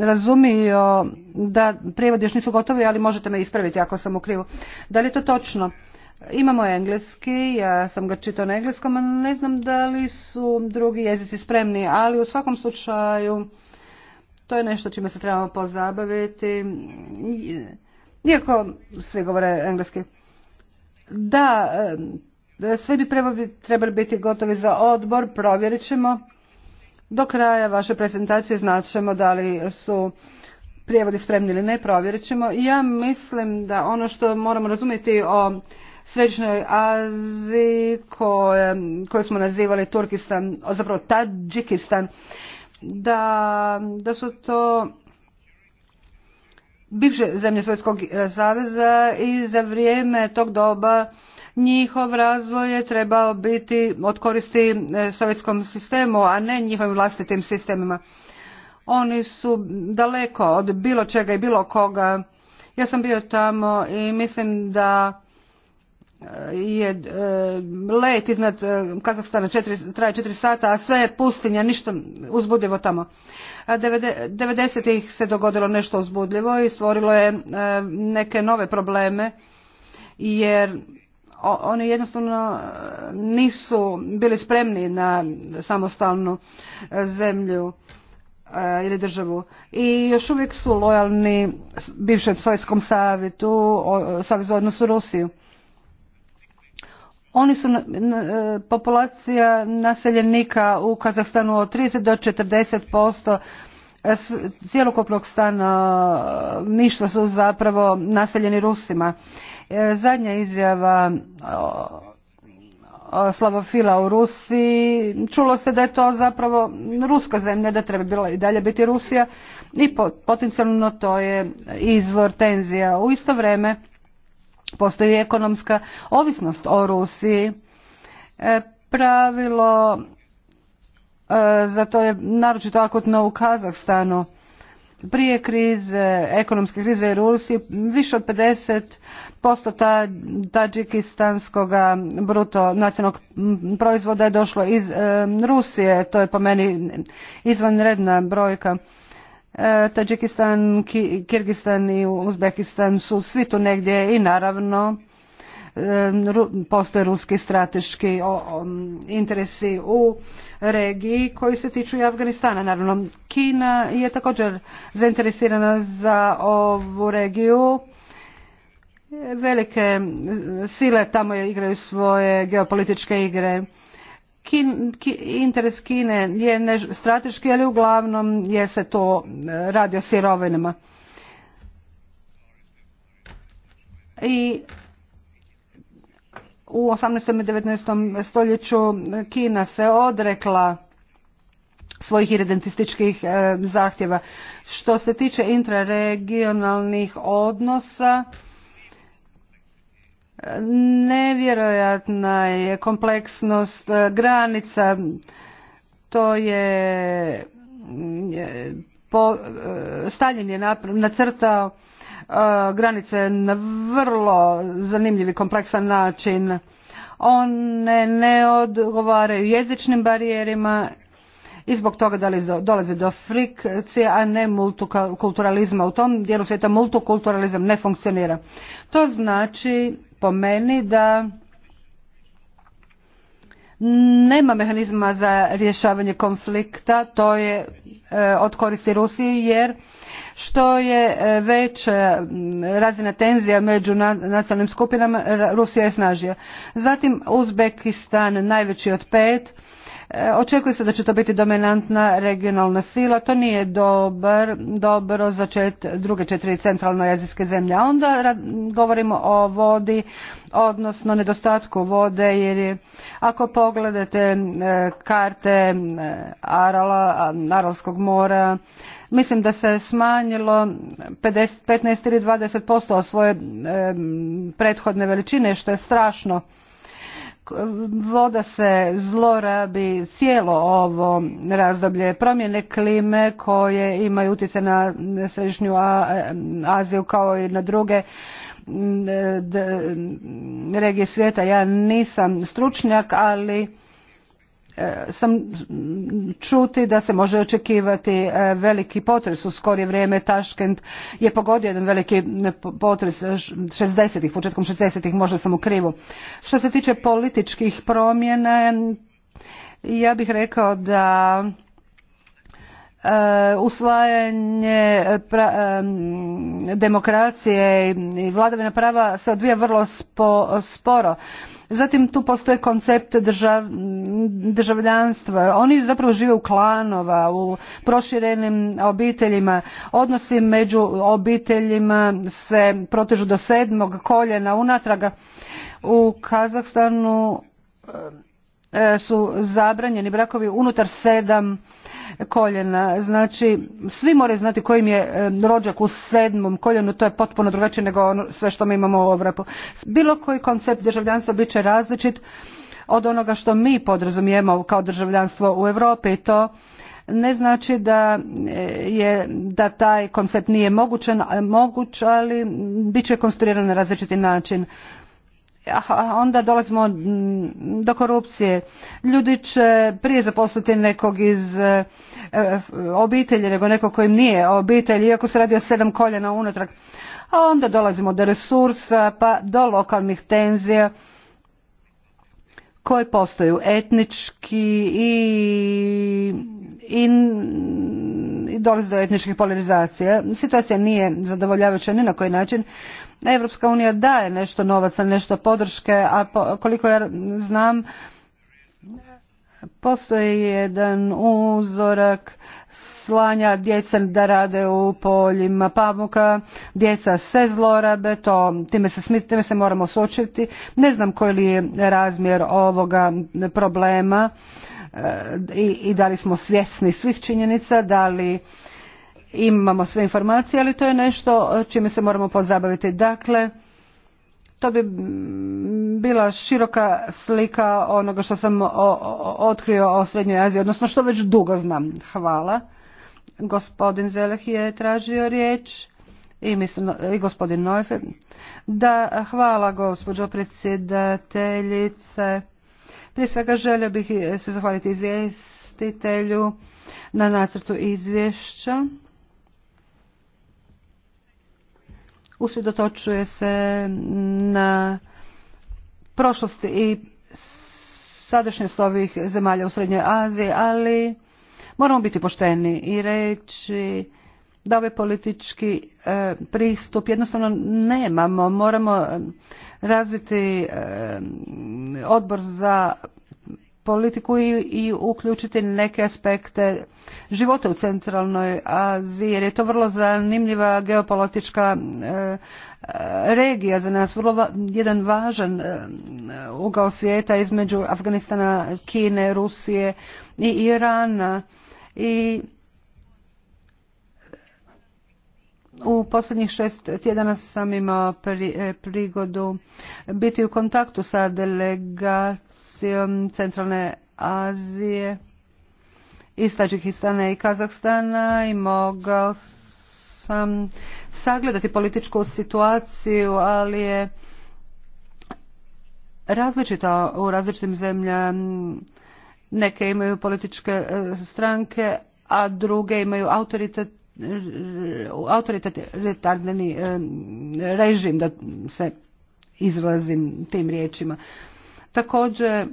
razumio da prijevodi još nisu gotovi, ali možete me ispraviti ako sam u krivu. Da li je to točno? Imamo engleski, ja sam ga čitao na engleskom, a ne znam da li su drugi jezici spremni, ali u svakom slučaju to je nešto čime se trebamo pozabaviti. Iako svi govore engleski. Da, e, sve bi trebali biti gotovi za odbor, provjerit ćemo. Do kraja vaše prezentacije značemo da li su prijevodi spremni ili ne, provjerit ćemo. Ja mislim da ono što moramo razumjeti o Središnjoj Aziji koje, smo nazivali Turkistan, zapravo Tadžikistan, da, da su to bivše zemlje Sovjetskog e, saveza i za vrijeme tog doba njihov razvoj je trebao biti od koristi e, sovjetskom sistemu, a ne njihovim vlastitim sistemima. Oni su daleko od bilo čega i bilo koga. Ja sam bio tamo i mislim da je e, let iznad e, Kazahstana traje četiri sata, a sve je pustinja, ništa uzbudljivo tamo. 90-ih se dogodilo nešto uzbudljivo i stvorilo je e, neke nove probleme jer oni jednostavno nisu bili spremni na samostalnu zemlju ili državu. I još uvijek su lojalni bivšem Sovjetskom savjetu, savezu odnosu Rusiju. Oni su populacija naseljenika u Kazahstanu od 30 do 40% cjelokupnog ništa su zapravo naseljeni Rusima. E, zadnja izjava Slavofila u Rusiji, čulo se da je to zapravo ruska zemlja, da treba bila i dalje biti Rusija i potencijalno to je izvor tenzija. U isto vrijeme Postoji ekonomska ovisnost o Rusiji. E, pravilo e, za to je naročito akutno u Kazahstanu. Prije krize, ekonomske krize u Rusiji, više od 50% tađikistanskog bruto nacionalnog proizvoda je došlo iz e, Rusije. To je po meni izvanredna brojka. E, Tadžikistan, Kirgistan i Uzbekistan su svi tu negdje i naravno e, postoje ruski strateški interesi u regiji koji se tiču i Afganistana. Naravno, Kina je također zainteresirana za ovu regiju. Velike sile tamo igraju svoje geopolitičke igre Kin, interes Kine je ne, strateški, ali uglavnom je se to e, radi o sirovinama. I u 18. i 19. stoljeću Kina se odrekla svojih identističkih e, zahtjeva. Što se tiče intraregionalnih odnosa, nevjerojatna je kompleksnost e, granica to je po, e, Stalin je nacrtao e, granice na vrlo zanimljiv i kompleksan način one ne odgovaraju jezičnim barijerima i zbog toga da li dolaze do frikcije, a ne multikulturalizma. U tom dijelu svijeta multikulturalizam ne funkcionira. To znači po meni da nema mehanizma za rješavanje konflikta, to je e, od koristi Rusiji jer što je e, već e, razina tenzija među nacionalnim skupinama, Rusija je snažija. Zatim Uzbekistan najveći od pet, E, očekuje se da će to biti dominantna regionalna sila. To nije dobar, dobro za druge četiri centralnoazijske zemlje. A onda govorimo o vodi, odnosno nedostatku vode, jer je, ako pogledate e, karte e, Arala, Aralskog mora, mislim da se smanjilo 15 ili 20% od svoje prethodne veličine, što je strašno voda se zlorabi cijelo ovo razdoblje promjene klime koje imaju utjecaj na središnju Aziju kao i na druge mm, regije svijeta. Ja nisam stručnjak, ali sam čuti da se može očekivati e, veliki potres u skorije vrijeme. Taškent je pogodio jedan veliki potres 60-ih, početkom 60-ih, možda sam u krivu. Što se tiče političkih promjena, ja bih rekao da e, usvajanje e, demokracije i vladavina prava se odvija vrlo sporo Zatim tu postoje koncept držav, državljanstva. Oni zapravo žive u klanova, u proširenim obiteljima. Odnosi među obiteljima se protežu do sedmog koljena unatraga. U Kazahstanu e, su zabranjeni brakovi unutar sedam koljena. Znači, svi moraju znati kojim je e, rođak u sedmom koljenu, to je potpuno drugačije nego ono, sve što mi imamo u Evropu. Bilo koji koncept državljanstva bit će različit od onoga što mi podrazumijemo kao državljanstvo u Europi i to ne znači da e, je da taj koncept nije moguć, ali bit će konstruiran na različiti način onda dolazimo do korupcije. Ljudi će prije zaposliti nekog iz e, e, obitelji nego nekog kojim nije obitelj, iako se radi o sedam koljena unatrag. A onda dolazimo do resursa pa do lokalnih tenzija koje postaju etnički i, i, i dolazi do etničkih polarizacija. Situacija nije zadovoljavajuća ni na koji način. Europska unija daje nešto novaca, nešto podrške, a koliko ja znam postoji jedan uzorak slanja djece da rade u poljima pamuka, djeca se zlorabe, to, time, se, time se moramo suočiti. Ne znam koji je razmjer ovoga problema e, i, i da li smo svjesni svih činjenica, da li imamo sve informacije, ali to je nešto e, čime se moramo pozabaviti. Dakle, to bi bila široka slika onoga što sam otkrio o Srednjoj Aziji, odnosno što već dugo znam. Hvala. Gospodin Zeleh je tražio riječ i, mislim, i gospodin Neufe. Da, hvala gospođo predsjedateljice. Prije svega želio bih se zahvaliti izvjestitelju na nacrtu izvješća. usvjedotočuje se na prošlosti i sadašnjost ovih zemalja u Srednjoj Aziji, ali moramo biti pošteni i reći da ovaj politički e, pristup jednostavno nemamo. Moramo e, razviti e, odbor za politiku i, uključiti neke aspekte života u centralnoj Aziji jer je to vrlo zanimljiva geopolitička e, regija za nas, vrlo jedan važan e, ugao svijeta između Afganistana, Kine, Rusije i Irana i U posljednjih šest tjedana sam imao e, prigodu biti u kontaktu sa delegacijom Rusijom, Centralne Azije, iz Tađikistana i Kazahstana i mogao sam sagledati političku situaciju, ali je različito u različitim zemljama. Neke imaju političke e, stranke, a druge imaju autoritet autoritarni e, režim, da se izrazim tim riječima. Također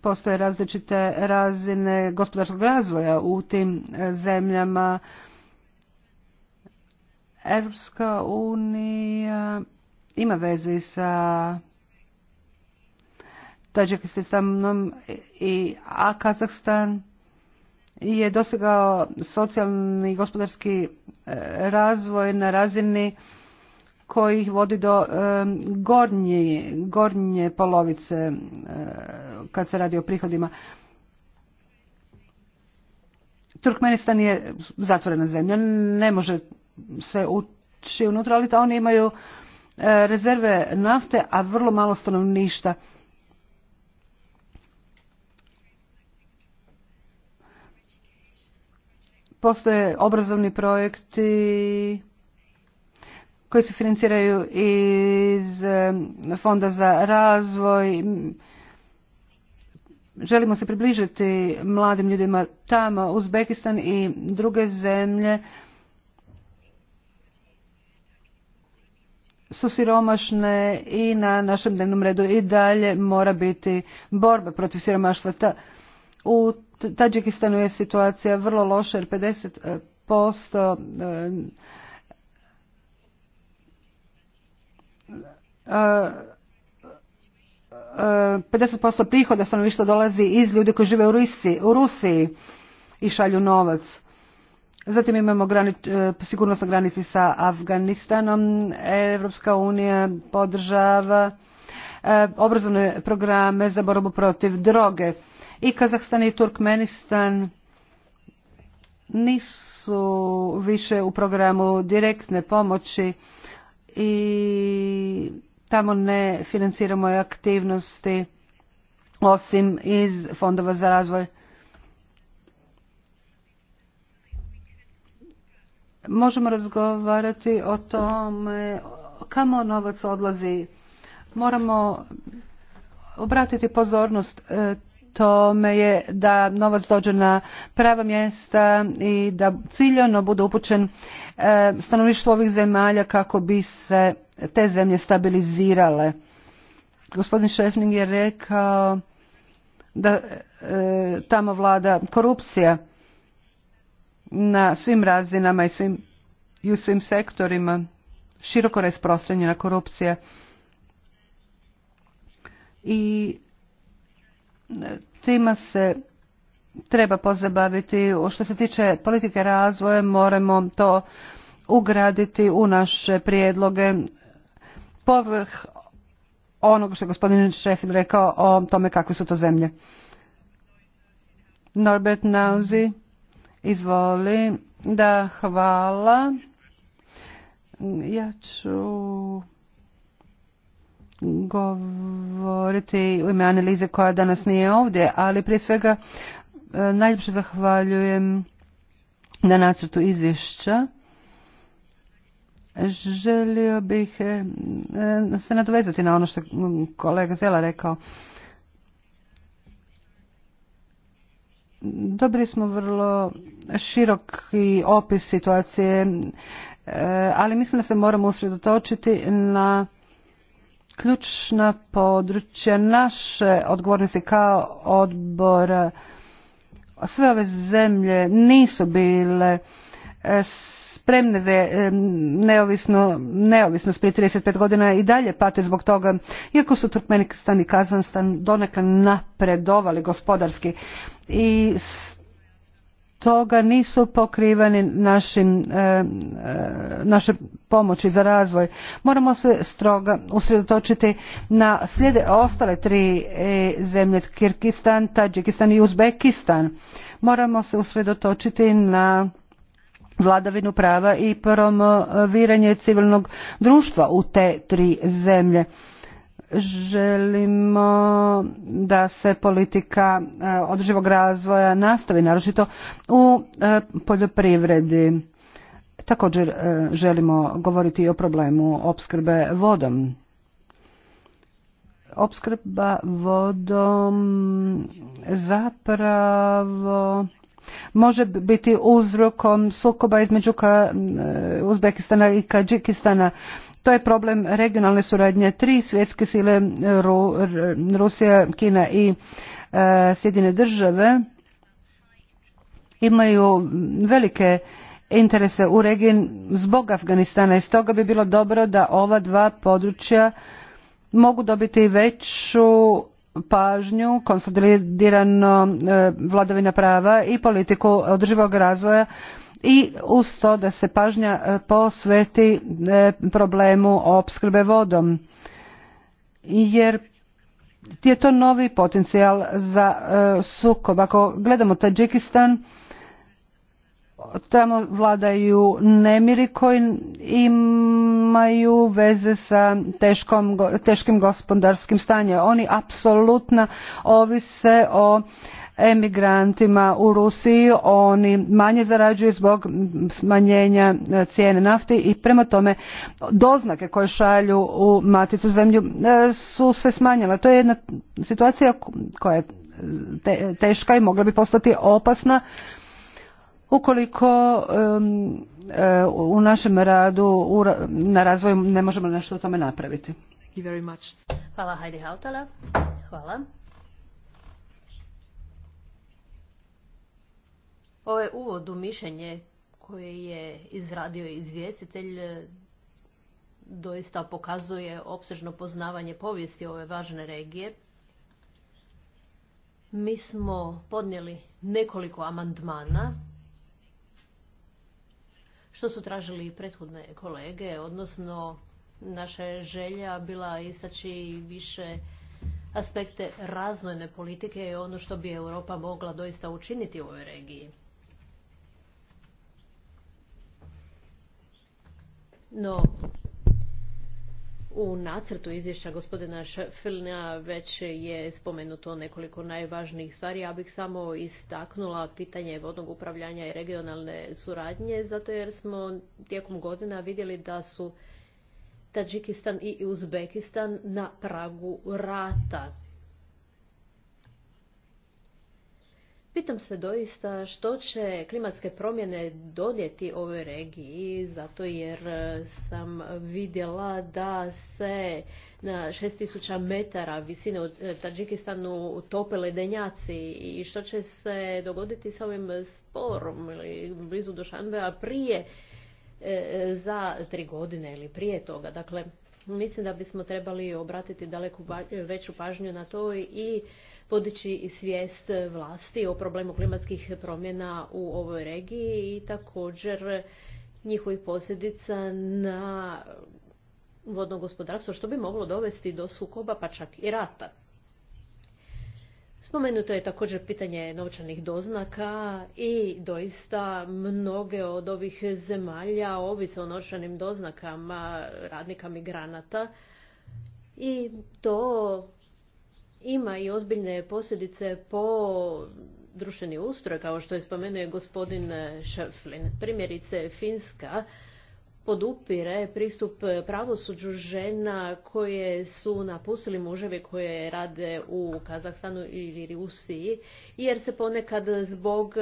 postoje različite razine gospodarskog razvoja u tim e, zemljama. Evropska unija ima veze sa Tadžikistanom i a Kazahstan je dosegao socijalni i gospodarski e, razvoj na razini koji ih vodi do e, gornje, gornje polovice e, kad se radi o prihodima. Turkmenistan je zatvorena zemlja, ne može se ući unutra, ali oni imaju e, rezerve nafte, a vrlo malo stanovništa. Postoje obrazovni projekti, koji se financiraju iz e, Fonda za razvoj. Želimo se približiti mladim ljudima tamo, Uzbekistan i druge zemlje su siromašne i na našem dnevnom redu i dalje mora biti borba protiv siromaštva. U Tadžikistanu je situacija vrlo loša jer 50% 50% e, e, prihoda stanovništva dolazi iz ljudi koji žive u Rusiji, u Rusiji i šalju novac. Zatim imamo granič, e, sigurnost na granici sa Afganistanom. Evropska unija podržava obrazovne programe za borbu protiv droge. I Kazahstan i Turkmenistan nisu više u programu direktne pomoći i Tamo ne financiramo aktivnosti osim iz fondova za razvoj. Možemo razgovarati o tome kamo novac odlazi. Moramo obratiti pozornost e, tome je da novac dođe na prava mjesta i da ciljano bude upućen e, stanovništvo ovih zemalja kako bi se te zemlje stabilizirale. Gospodin Šefning je rekao da e, tamo vlada korupcija na svim razinama i, i u svim sektorima, široko rasprostranjena korupcija. I tima se treba pozabaviti. Što se tiče politike razvoja, moramo to ugraditi u naše prijedloge povrh onog što je gospodin Šefin rekao o tome kakve su to zemlje. Norbert Nauzi, izvoli. Da, hvala. Ja ću govoriti u ime analize koja danas nije ovdje, ali prije svega e, najljepše zahvaljujem na nacrtu izvješća. Želio bih e, e, se nadovezati na ono što kolega Zela rekao. Dobili smo vrlo široki opis situacije, ali mislim da se moramo usredotočiti na ključna područja naše odgovornosti kao odbor. Sve ove zemlje nisu bile e, spremne za e, neovisno, neovisnost prije 35 godina i dalje pate zbog toga, iako su Turkmenistan i Kazanstan donekle napredovali gospodarski i toga nisu pokriveni našim, e, e, naše pomoći za razvoj. Moramo se stroga usredotočiti na slijede ostale tri e, zemlje, Kirkistan, Tadžikistan i Uzbekistan. Moramo se usredotočiti na vladavinu prava i promoviranje civilnog društva u te tri zemlje želimo da se politika e, održivog razvoja nastavi, naročito u e, poljoprivredi. Također e, želimo govoriti i o problemu opskrbe vodom. Opskrba vodom zapravo može biti uzrokom sukoba između Uzbekistana i Kadžikistana to je problem regionalne suradnje. Tri svjetske sile, Rusija, Kina i e, Sjedine države, imaju velike interese u regiji zbog Afganistana i stoga bi bilo dobro da ova dva područja mogu dobiti veću pažnju, konsolidirano e, vladavina prava i politiku održivog razvoja i uz to da se pažnja e, posveti e, problemu opskrbe vodom jer je to novi potencijal za e, sukob. Ako gledamo Tadžikistan, tamo vladaju nemiri koji imaju veze sa teškom, teškim gospodarskim stanjem. Oni apsolutno ovise o emigrantima u Rusiji, oni manje zarađuju zbog smanjenja cijene nafte i prema tome doznake koje šalju u maticu zemlju e, su se smanjile. To je jedna situacija koja je teška i mogla bi postati opasna ukoliko e, u našem radu na razvoju ne možemo nešto o tome napraviti. Hvala Heidi Hautala. Hvala. Ovo je u mišljenje koje je izradio izvjestitelj doista pokazuje opsežno poznavanje povijesti ove važne regije. Mi smo podnijeli nekoliko amandmana što su tražili prethodne kolege, odnosno naša želja bila istaći više aspekte razvojne politike i ono što bi Europa mogla doista učiniti u ovoj regiji. No, u nacrtu izvješća gospodina Šefilna već je spomenuto nekoliko najvažnijih stvari. Ja bih samo istaknula pitanje vodnog upravljanja i regionalne suradnje, zato jer smo tijekom godina vidjeli da su Tadžikistan i Uzbekistan na pragu rata. Pitam se doista što će klimatske promjene donijeti ovoj regiji, zato jer e, sam vidjela da se na 6000 metara visine u Tadžikistanu tope ledenjaci i što će se dogoditi sa ovim sporom ili blizu Dušanbea prije e, za tri godine ili prije toga. Dakle, mislim da bismo trebali obratiti daleko pa-, veću pažnju na to i podići i svijest vlasti o problemu klimatskih promjena u ovoj regiji i također njihovih posljedica na vodno gospodarstvo, što bi moglo dovesti do sukoba, pa čak i rata. Spomenuto je također pitanje novčanih doznaka i doista mnoge od ovih zemalja ovise o novčanim doznakama radnika migranata i to ima i ozbiljne posljedice po društveni ustroj, kao što je spomenuo gospodin Šeflin. Primjerice, Finska podupire pristup pravosuđu žena koje su napustili muževe koje rade u Kazahstanu ili Rusiji, jer se ponekad zbog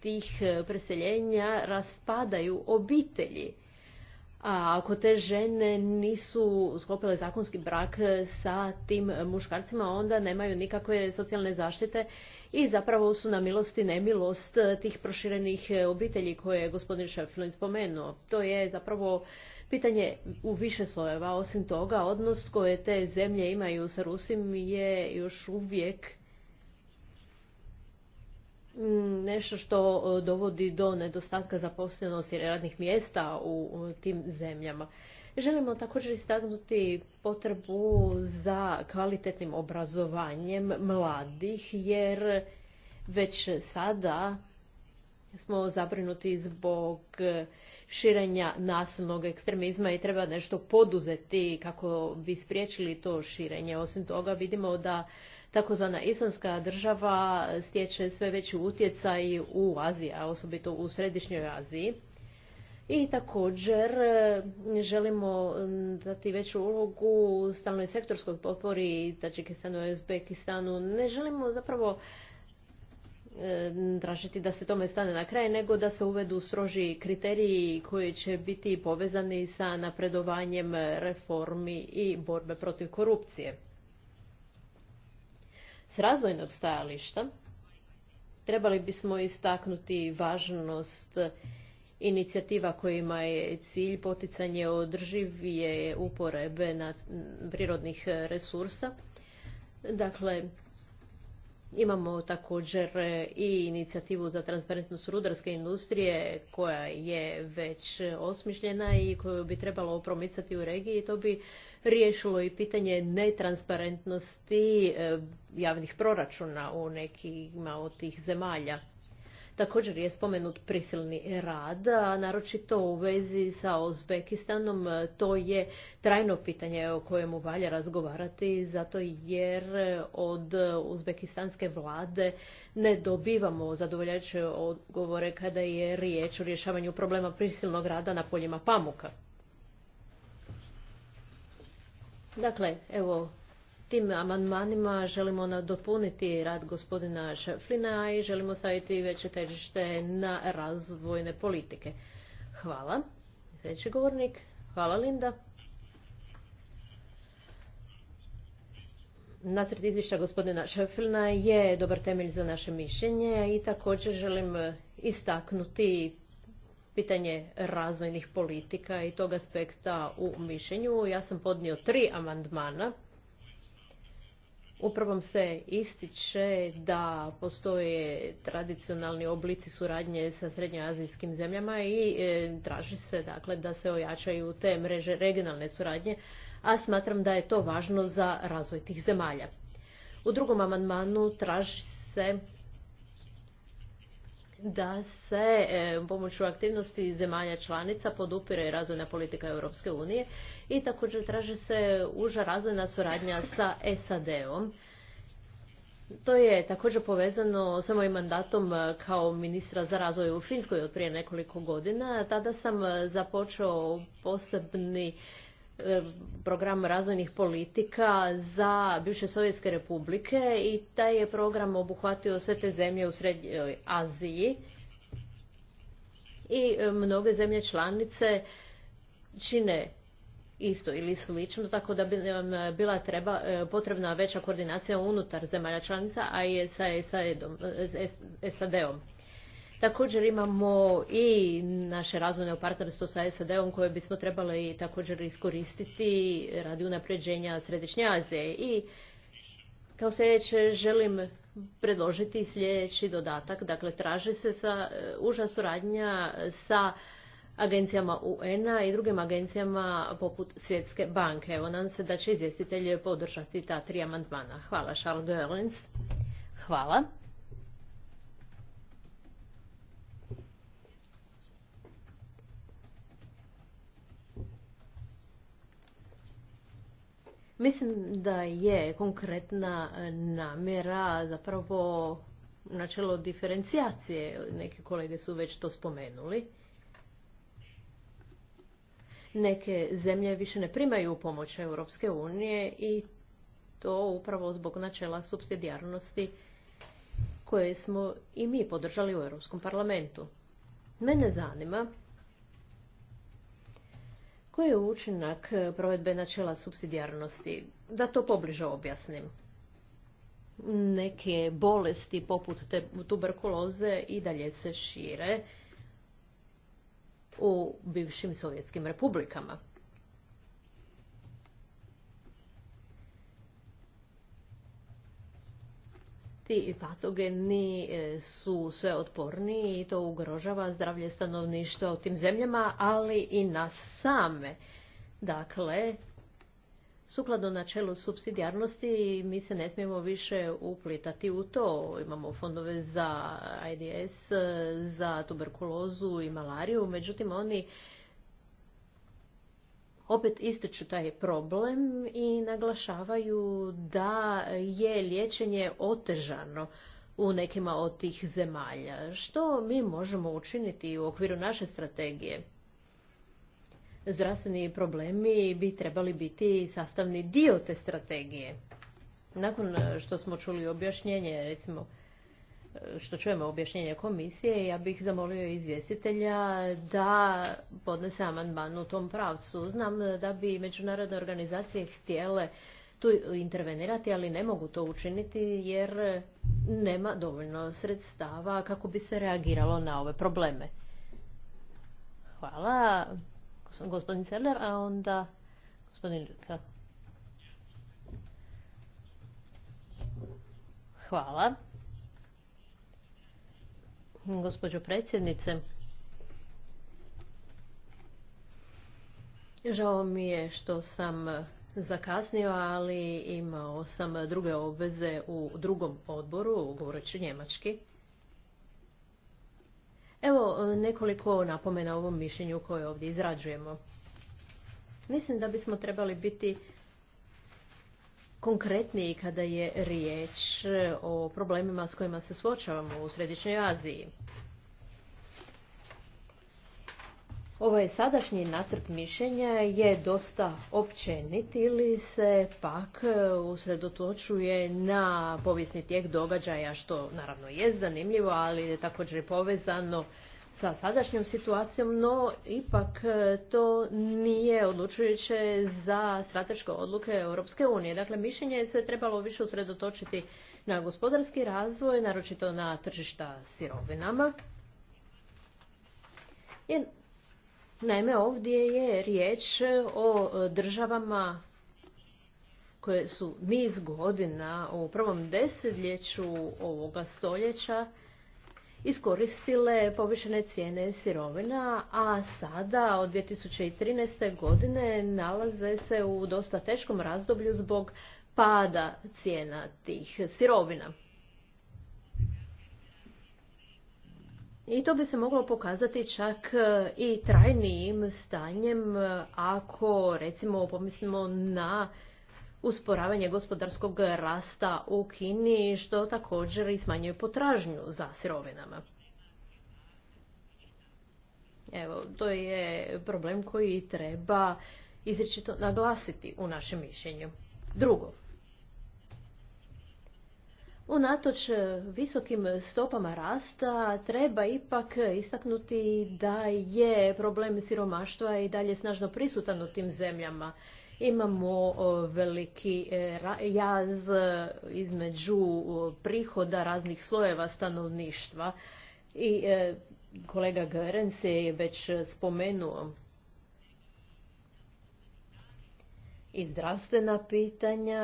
tih preseljenja raspadaju obitelji. A ako te žene nisu sklopile zakonski brak sa tim muškarcima, onda nemaju nikakve socijalne zaštite i zapravo su na milost i nemilost tih proširenih obitelji koje je gospodin Šeflin spomenuo. To je zapravo pitanje u više slojeva. Osim toga, odnos koje te zemlje imaju sa Rusim je još uvijek Mm, nešto što e, dovodi do nedostatka zaposlenosti radnih mjesta u tim zemljama. Želimo također istaknuti potrebu za kvalitetnim obrazovanjem mladih, jer već sada smo zabrinuti zbog širenja nasilnog ekstremizma i treba nešto poduzeti kako bi spriječili to širenje. Osim toga vidimo da takozvana islamska država stječe sve veći utjecaj u Aziji, a osobito u središnjoj Aziji. I također e, želimo dati veću ulogu stalnoj sektorskoj potpori Tadžikistanu i Uzbekistanu. Ne želimo zapravo e, tražiti da se tome stane na kraj, nego da se uvedu stroži kriteriji koji će biti povezani sa napredovanjem reformi i borbe protiv korupcije. S razvojnog stajališta trebali bismo istaknuti važnost inicijativa kojima je cilj poticanje održivije uporebe prirodnih resursa. Dakle, Imamo također e, i inicijativu za transparentnost rudarske industrije koja je već osmišljena i koju bi trebalo promicati u regiji. To bi riješilo i pitanje netransparentnosti e, javnih proračuna u nekima od tih zemalja. Također je spomenut prisilni rad, a naročito u vezi sa Uzbekistanom. To je trajno pitanje o kojemu valja razgovarati, zato jer od uzbekistanske vlade ne dobivamo zadovoljajuće odgovore kada je riječ o rješavanju problema prisilnog rada na poljima pamuka. Dakle, evo, Tim amandmanima želimo nadopuniti rad gospodina Šeflina i želimo staviti veće težište na razvojne politike. Hvala. Sljedeći govornik. Hvala Linda. Nasred izvješća gospodina Šeflina je dobar temelj za naše mišljenje i također želim istaknuti pitanje razvojnih politika i tog aspekta u mišljenju. Ja sam podnio tri amandmana Upravom se ističe da postoje tradicionalni oblici suradnje sa srednjoazijskim zemljama i e, traži se dakle da se ojačaju te mreže regionalne suradnje, a smatram da je to važno za razvoj tih zemalja. U drugom amandmanu traži se da se e, pomoću aktivnosti zemalja članica podupire razvojna politika Europske unije i također traži se uža razvojna suradnja sa SAD-om. To je također povezano sa mojim mandatom kao ministra za razvoj u Finskoj od prije nekoliko godina. Tada sam započeo posebni E, program razvojnih politika za bivše Sovjetske republike i taj je program obuhvatio sve te zemlje u Srednjoj Aziji i e, mnoge zemlje članice čine isto ili slično, tako da bi nam e, bila treba, potrebna veća koordinacija unutar zemalja članica, a i sa SAD-om. Također imamo i naše razvojne partnerstvo sa SAD-om koje bismo trebali također iskoristiti radi unapređenja Središnje Azije. I kao sljedeće želim predložiti sljedeći dodatak. Dakle, traži se sa, e, uža suradnja sa agencijama UN-a i drugim agencijama poput Svjetske banke. Evo nam se da će izvjestitelji podržati ta tri amandmana. Hvala, Charles Goerlins. Hvala. Mislim da je konkretna e, namjera zapravo načelo diferencijacije, neki kolege su već to spomenuli. Neke zemlje više ne primaju pomoć Europske unije i to upravo zbog načela subsidijarnosti koje smo i mi podržali u Europskom parlamentu. Mene zanima koji je učinak e, provedbe načela subsidijarnosti? Da to pobliže objasnim. Neke bolesti poput tuberkuloze i dalje se šire u bivšim sovjetskim republikama. ti patogeni e, su sve otporniji i to ugrožava zdravlje stanovništva u tim zemljama, ali i nas same. Dakle, sukladno načelu subsidijarnosti mi se ne smijemo više uplitati u to. Imamo fondove za IDS, za tuberkulozu i malariju, međutim oni opet ističu taj problem i naglašavaju da je liječenje otežano u nekima od tih zemalja. Što mi možemo učiniti u okviru naše strategije? Zdravstveni problemi bi trebali biti sastavni dio te strategije. Nakon što smo čuli objašnjenje, recimo, što čujemo objašnjenje komisije, ja bih zamolio izvjestitelja da podnese amandman u tom pravcu. Znam da bi međunarodne organizacije htjele tu intervenirati, ali ne mogu to učiniti jer nema dovoljno sredstava kako bi se reagiralo na ove probleme. Hvala, gospodin Celer, a onda gospodin Hvala gospođo predsjednice. Žao mi je što sam zakasnio, ali imao sam druge obveze u drugom odboru, govoreći njemački. Evo nekoliko napomena o ovom mišljenju koje ovdje izrađujemo. Mislim da bismo trebali biti konkretniji kada je riječ eh, o problemima s kojima se suočavamo u Središnjoj Aziji. Ovaj sadašnji nacrt mišljenja je dosta općenit ili se pak eh, usredotočuje na povijesni tijek događaja, što naravno je zanimljivo, ali je također povezano sa sadašnjom situacijom, no ipak e, to nije odlučujuće za strateške odluke Europske unije. Dakle, mišljenje se trebalo više usredotočiti na gospodarski razvoj, naročito na tržišta sirovinama. i naime, ovdje je riječ o državama koje su niz godina u prvom desetljeću ovoga stoljeća iskoristile povišene cijene sirovina, a sada od 2013. godine nalaze se u dosta teškom razdoblju zbog pada cijena tih sirovina. I to bi se moglo pokazati čak i trajnijim stanjem ako recimo pomislimo na usporavanje gospodarskog rasta u Kini, što također i smanjuje potražnju za sirovinama. Evo, to je problem koji treba izričito naglasiti u našem mišljenju. Drugo, Unatoč visokim stopama rasta treba ipak istaknuti da je problem siromaštva i dalje snažno prisutan u tim zemljama Imamo veliki e, jaz e, između prihoda raznih slojeva stanovništva i e, kolega se je već spomenuo i zdravstvena pitanja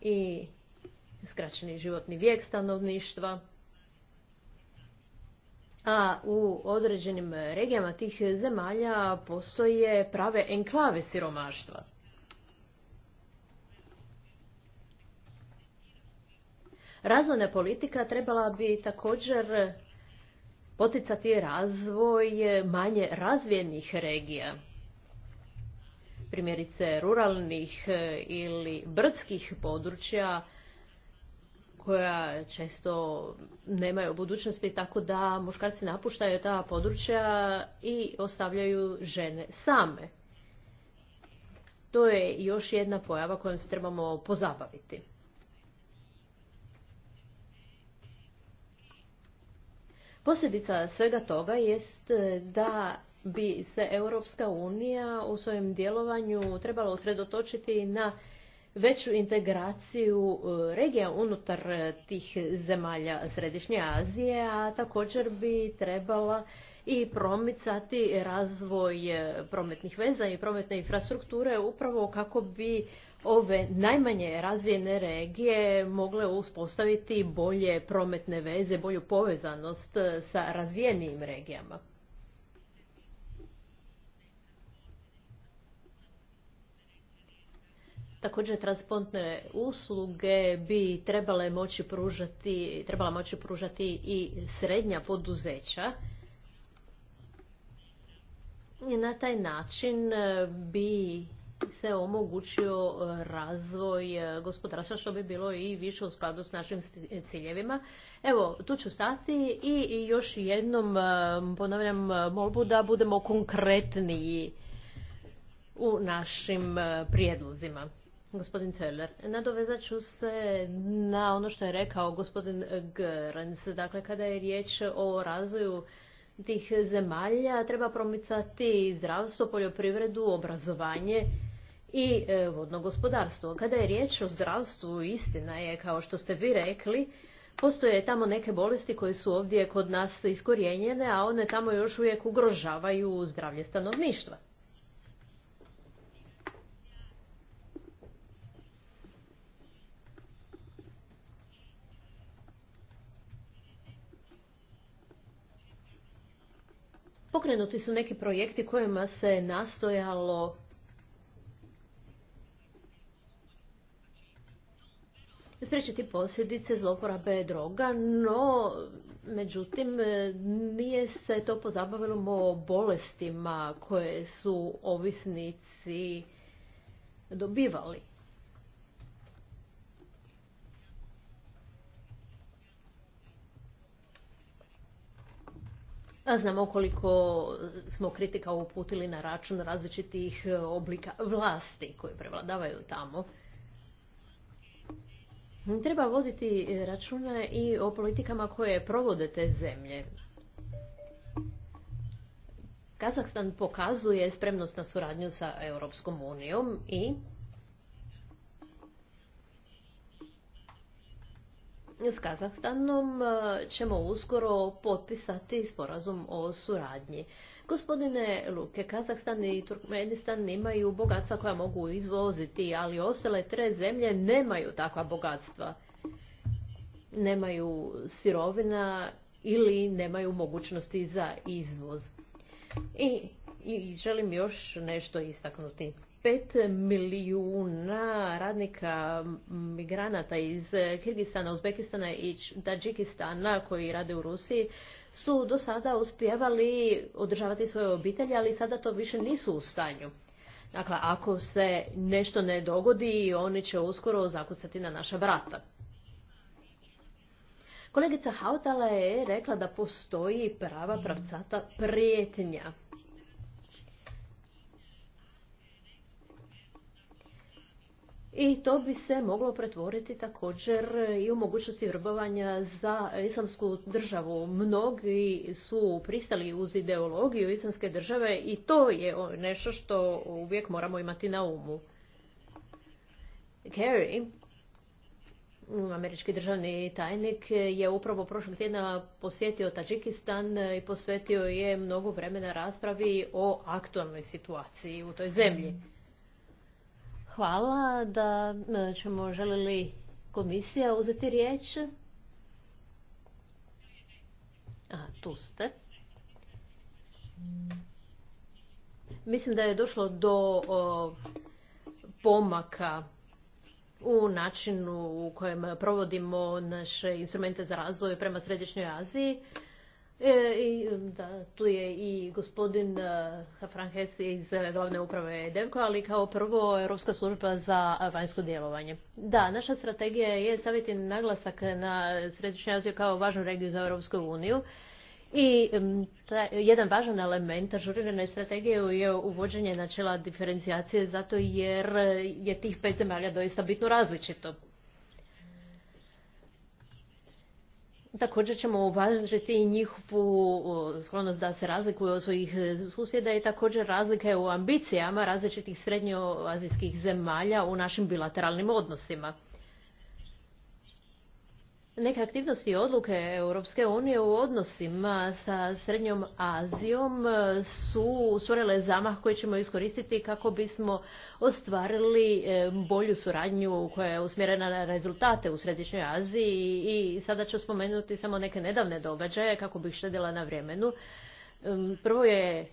i skraćeni životni vijek stanovništva. A u određenim regijama tih zemalja postoje prave enklave siromaštva. Razvojna politika trebala bi također poticati razvoj manje razvijenih regija, primjerice ruralnih e, ili brdskih područja koja često nemaju budućnosti, tako da muškarci napuštaju ta područja i ostavljaju žene same. To je još jedna pojava kojom se trebamo pozabaviti. Posljedica svega toga jest e, da bi se Europska unija u svojem djelovanju trebala usredotočiti na veću integraciju e, regija unutar tih zemalja Središnje Azije, a također bi trebala i promicati razvoj e, prometnih veza i prometne infrastrukture upravo kako bi ove najmanje razvijene regije mogle uspostaviti bolje prometne veze, bolju povezanost eh, sa razvijenijim regijama. Također transportne usluge bi trebale moći pružati, trebala moći pružati i srednja poduzeća. I na taj način eh, bi se omogućio e, razvoj e, gospodarstva što bi bilo i više u skladu s našim ciljevima. Evo, tu ću stati i još jednom e, ponavljam molbu da budemo konkretniji u našim prijedlozima. Gospodin Celler, nadovezat ću se na ono što je rekao gospodin Grans. Dakle, kada je riječ o razvoju tih zemalja, treba promicati zdravstvo, poljoprivredu, obrazovanje i e, vodno gospodarstvo. Kada je riječ o zdravstvu, istina je, kao što ste vi rekli, postoje tamo neke bolesti koje su ovdje kod nas iskorijenjene, a one tamo još uvijek ugrožavaju zdravlje stanovništva. Pokrenuti su neki projekti kojima se nastojalo spriječiti posljedice zloporabe droga, no međutim e, nije se to pozabavilo o bolestima koje su ovisnici dobivali. Znamo koliko smo kritika uputili na račun različitih oblika vlasti koje prevladavaju tamo. Treba voditi e, računa i o politikama koje provode te zemlje. Kazahstan pokazuje spremnost na suradnju sa Europskom unijom i s Kazahstanom e, ćemo uskoro potpisati sporazum o suradnji. Gospodine Luke, Kazahstan i Turkmenistan imaju bogatstva koja mogu izvoziti, ali ostale tre zemlje nemaju takva bogatstva. Nemaju sirovina ili nemaju mogućnosti za izvoz. I, i želim još nešto istaknuti. Pet milijuna radnika migranata iz Kirgistana, Uzbekistana i Tadžikistana koji rade u Rusiji su do sada uspjevali održavati svoje obitelji, ali sada to više nisu u stanju. Dakle, ako se nešto ne dogodi, oni će uskoro zakucati na naša vrata. Kolegica Hautala je rekla da postoji prava pravcata prijetnja. i to bi se moglo pretvoriti također i u mogućnosti vrbovanja za islamsku državu. Mnogi su pristali uz ideologiju islamske države i to je nešto što uvijek moramo imati na umu. Kerry, američki državni tajnik, je upravo prošlog tjedna posjetio Tadžikistan i posvetio je mnogo vremena raspravi o aktualnoj situaciji u toj zemlji. Hvala da ćemo, želi li komisija uzeti riječ? A, tu ste. Mislim da je došlo do pomaka u načinu u kojem provodimo naše instrumente za razvoj prema Središnjoj Aziji. E, i, da, tu je i gospodin e, Frank iz glavne uprave Devko, ali kao prvo Europska služba za vanjsko djelovanje. Da, naša strategija je staviti naglasak na Središnju Aziju kao važnu regiju za Europsku uniju. I jedan važan element ažurirane strategije je uvođenje načela diferencijacije zato jer je tih pet zemalja doista bitno različito. Također ćemo uvažiti i njihovu sklonost da se razlikuju od svojih e, susjeda i također razlike u ambicijama različitih srednjoazijskih zemalja u našim bilateralnim odnosima neke aktivnosti i odluke Europske unije u odnosima sa Srednjom Azijom e, su stvorile zamah koji ćemo iskoristiti kako bismo ostvarili e, bolju suradnju koja je usmjerena na rezultate u Središnjoj Aziji i sada ću spomenuti samo neke nedavne događaje kako bih štedila na vremenu. Prvo je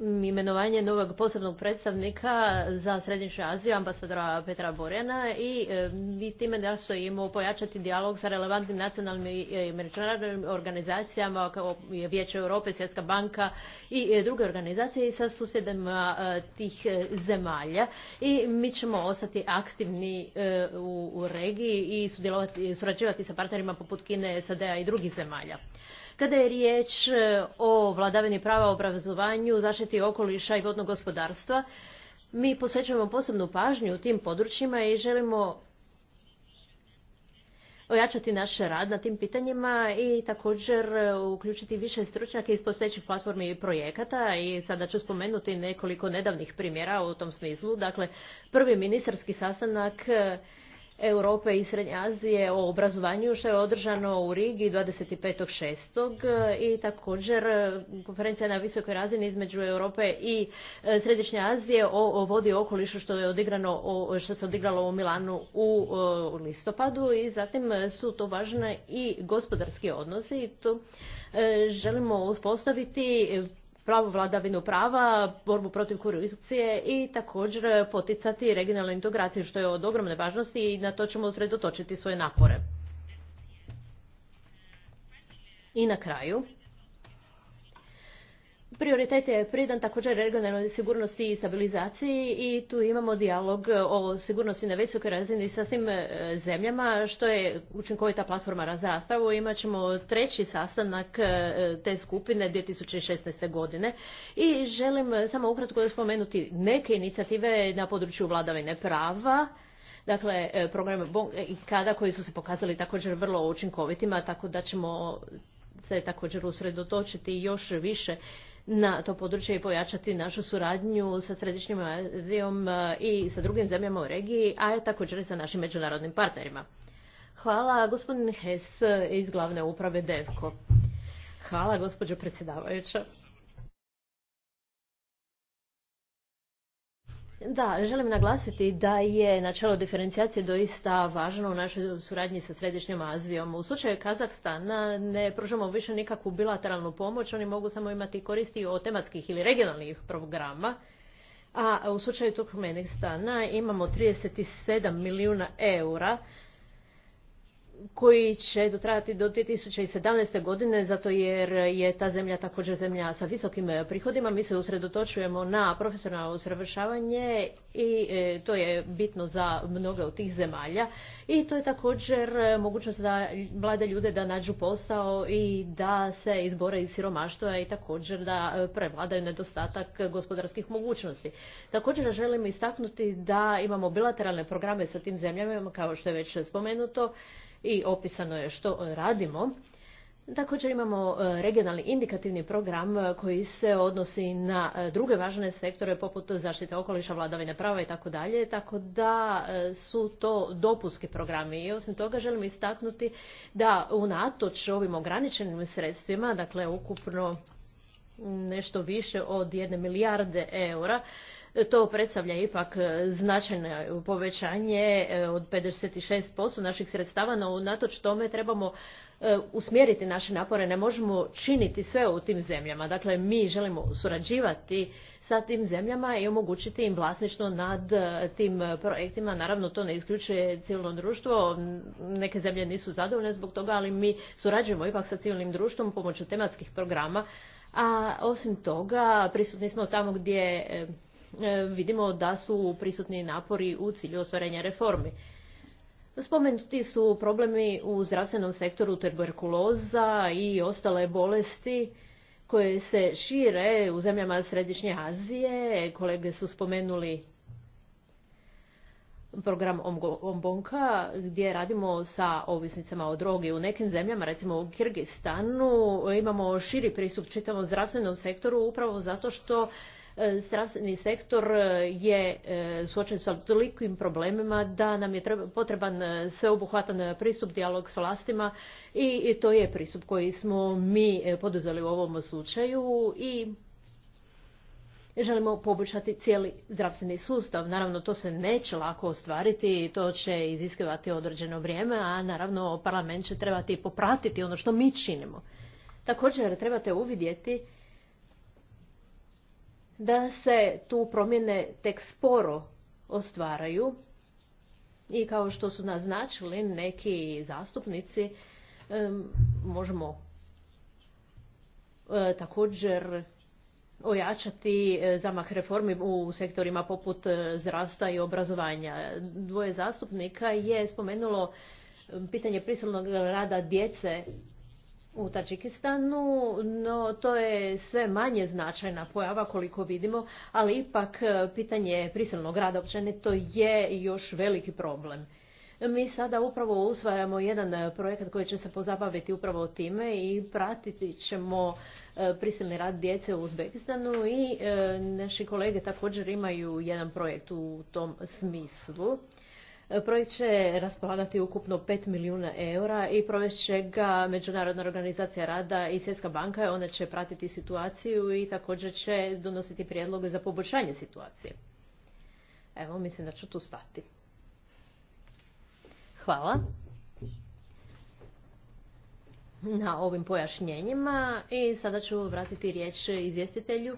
imenovanje novog posebnog predstavnika za Središnju Aziju, ambasadora Petra Borena i e, mi time nastojimo pojačati dijalog sa relevantnim nacionalnim e, i međunarodnim organizacijama kao je Vijeće Europe, Svjetska banka i e, druge organizacije sa susjedima tih zemalja. I mi ćemo ostati aktivni u, regiji i surađivati sa partnerima poput Kine, SAD-a i drugih zemalja kada je riječ e, o vladavini prava, obrazovanju, zaštiti okoliša i vodnog gospodarstva. Mi posvećujemo posebnu pažnju u tim područjima i želimo ojačati naš rad na tim pitanjima i također e, uključiti više stručnjaka iz postojećih platformi i projekata i sada ću spomenuti nekoliko nedavnih primjera u tom smislu. Dakle, prvi ministarski sastanak e, Europe i Srednje Azije o obrazovanju što je održano u Rigi 25.6. i također konferencija na visokoj razini između Europe i e, Središnje Azije o vodi i okolišu što je odigrano što se odigralo u Milanu u e, listopadu i zatim e, su to važne i gospodarski odnosi i to želimo uspostaviti pravu vladavinu prava, borbu protiv korupcije i također poticati regionalnu integraciju, što je od ogromne važnosti i na to ćemo usredotočiti svoje napore. I na kraju, Prioritet je pridan također regionalnoj sigurnosti i stabilizaciji i tu imamo dijalog o sigurnosti na visokoj razini sa svim e, zemljama, što je učinkovita platforma za raspravu. Imaćemo treći sastanak e, te skupine 2016. godine i želim samo ukratko spomenuti neke inicijative na području vladavine prava dakle e, program i Kada koji su se pokazali također vrlo učinkovitima, tako da ćemo se također usredotočiti još više na to područje i pojačati našu suradnju sa Središnjim Azijom e, i sa drugim zemljama u regiji, a također i sa našim međunarodnim partnerima. Hvala gospodin Hes iz glavne uprave Devko. Hvala gospođo predsjedavajuća. Da, želim naglasiti da je načelo diferencijacije doista važno u našoj suradnji sa Središnjom Azijom. U slučaju Kazahstana ne pružamo više nikakvu bilateralnu pomoć, oni mogu samo imati koristi od tematskih ili regionalnih programa. A u slučaju Turkmenistana imamo 37 milijuna eura koji će dotrajati do 2017. godine, zato jer je ta zemlja također zemlja sa visokim e, prihodima. Mi se usredotočujemo na profesionalno usavršavanje i e, to je bitno za mnoge od tih zemalja. I to je također e, mogućnost za mlade ljude da nađu posao i da se izbore iz siromaštva i također da prevladaju nedostatak gospodarskih mogućnosti. Također želim istaknuti da imamo bilateralne programe sa tim zemljama, kao što je već spomenuto, i opisano je što e, radimo. Također imamo e, regionalni indikativni program e, koji se odnosi na druge važne sektore poput zaštite okoliša, vladavine prava i tako dalje, tako da su to dopuski programi. I osim toga želim istaknuti da unatoč ovim ograničenim sredstvima, dakle ukupno nešto više od jedne milijarde eura, to predstavlja ipak e, značajno povećanje e, od 56% naših sredstava, no unatoč tome trebamo e, usmjeriti naše napore, ne možemo činiti sve u tim zemljama. Dakle, mi želimo surađivati sa tim zemljama i omogućiti im vlasništvo nad tim projektima. Naravno, to ne isključuje civilno društvo. Neke zemlje nisu zadovoljne zbog toga, ali mi surađujemo ipak sa civilnim društvom pomoću tematskih programa. A osim toga, prisutni smo tamo gdje E, vidimo da su prisutni napori u cilju ostvarenja reformi. Spomenuti su problemi u zdravstvenom sektoru tuberkuloza i ostale bolesti koje se šire u zemljama Središnje Azije. Kolege su spomenuli program Ombonka gdje radimo sa ovisnicama o drogi. U nekim zemljama, recimo u Kirgistanu, imamo širi pristup čitavom zdravstvenom sektoru upravo zato što E, zdravstveni sektor e, je e, suočen sa tolikim problemima da nam je potreban sveobuhvatan pristup, dijalog s vlastima i to je pristup koji smo mi poduzeli u ovom slučaju i želimo poboljšati cijeli zdravstveni sustav. Naravno, to se neće lako ostvariti i to će iziskivati određeno vrijeme, a naravno parlament će trebati popratiti ono što mi činimo. Također trebate uvidjeti da se tu promjene tek sporo ostvaraju i kao što su naznačili neki zastupnici možemo e, također ojačati e, zamah reformi u sektorima poput e, zdravstva i obrazovanja. Dvoje zastupnika je spomenulo pitanje prisilnog rada djece u Tadžikistanu, no to je sve manje značajna pojava koliko vidimo, ali ipak e, pitanje prisilnog rada općenito je još veliki problem. Mi sada upravo usvajamo jedan e, projekat koji će se pozabaviti upravo time i pratiti ćemo e, prisilni rad djece u Uzbekistanu i naši kolege također imaju jedan projekt u tom smislu. E, projekt će raspolagati ukupno 5 milijuna eura i provest će ga Međunarodna organizacija rada i Svjetska banka. Ona će pratiti situaciju i također će donositi prijedloge za poboljšanje situacije. Evo, mislim da ću tu stati. Hvala na ovim pojašnjenjima i sada ću vratiti riječ izvjestitelju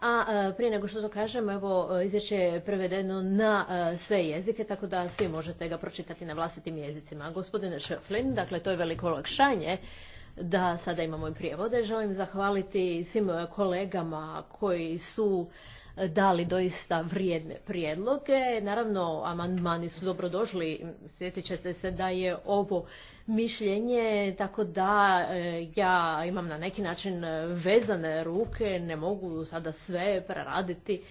a e, prije nego što to kažem, evo, e, izvješće je prevedeno na e, sve jezike, tako da svi možete ga pročitati na vlastitim jezicima. Gospodine Šeflin, dakle, to je veliko olakšanje da sada imamo i prijevode. Želim zahvaliti svim kolegama koji su dali doista vrijedne prijedloge. Naravno, amandmani su dobro došli. Sjetit ćete se da je ovo mišljenje, tako da e, ja imam na neki način vezane ruke, ne mogu sada sve preraditi.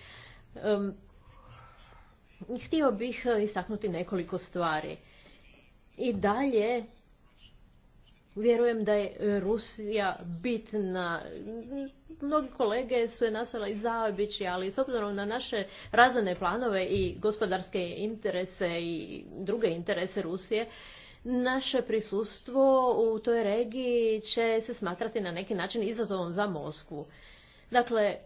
Htio bih istaknuti nekoliko stvari. I dalje Vjerujem da je Rusija bitna. Mnogi kolege su je nasala i zaobići, ali s obzirom na naše razvojne planove i gospodarske interese i druge interese Rusije, naše prisustvo u toj regiji će se smatrati na neki način izazovom za Moskvu. Dakle,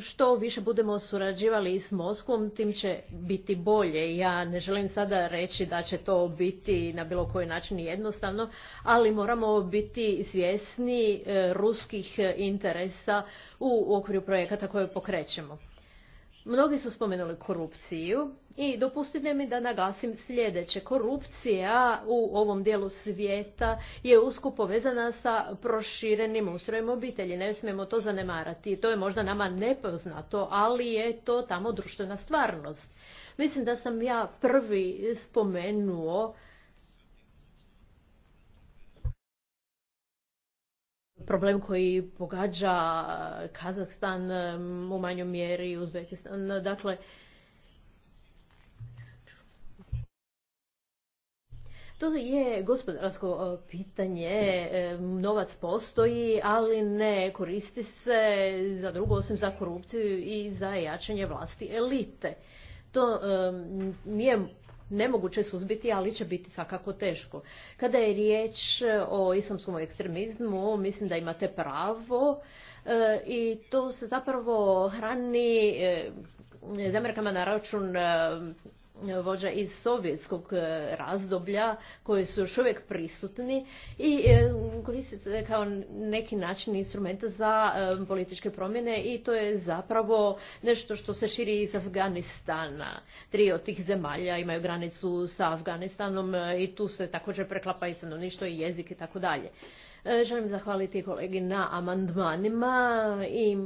što više budemo surađivali s Moskvom, tim će biti bolje. Ja ne želim sada reći da će to biti na bilo koji način jednostavno, ali moramo biti svjesni e, ruskih interesa u okviru projekata koje pokrećemo. Mnogi su spomenuli korupciju i dopustite mi da naglasim sljedeće. Korupcija u ovom dijelu svijeta je usko povezana sa proširenim ustrojem obitelji. Ne smijemo to zanemarati. To je možda nama nepoznato, ali je to tamo društvena stvarnost. Mislim da sam ja prvi spomenuo problem koji pogađa Kazahstan u manjoj mjeri Uzbekistan. Dakle, To je gospodarsko e, pitanje, e, novac postoji, ali ne koristi se za drugo osim za korupciju i za jačanje vlasti elite. To e, nije nemoguće suzbiti, ali će biti svakako teško. Kada je riječ o islamskom ekstremizmu, mislim da imate pravo i to se zapravo hrani na račun vođa iz sovjetskog e, razdoblja koji su još uvijek prisutni i e, koristi se kao neki način instrumenta za e, političke promjene i to je zapravo nešto što se širi iz Afganistana. Tri od tih zemalja imaju granicu sa Afganistanom i tu se također preklapa i stanovništvo i jezik i tako dalje. Želim zahvaliti kolegi na amandmanima i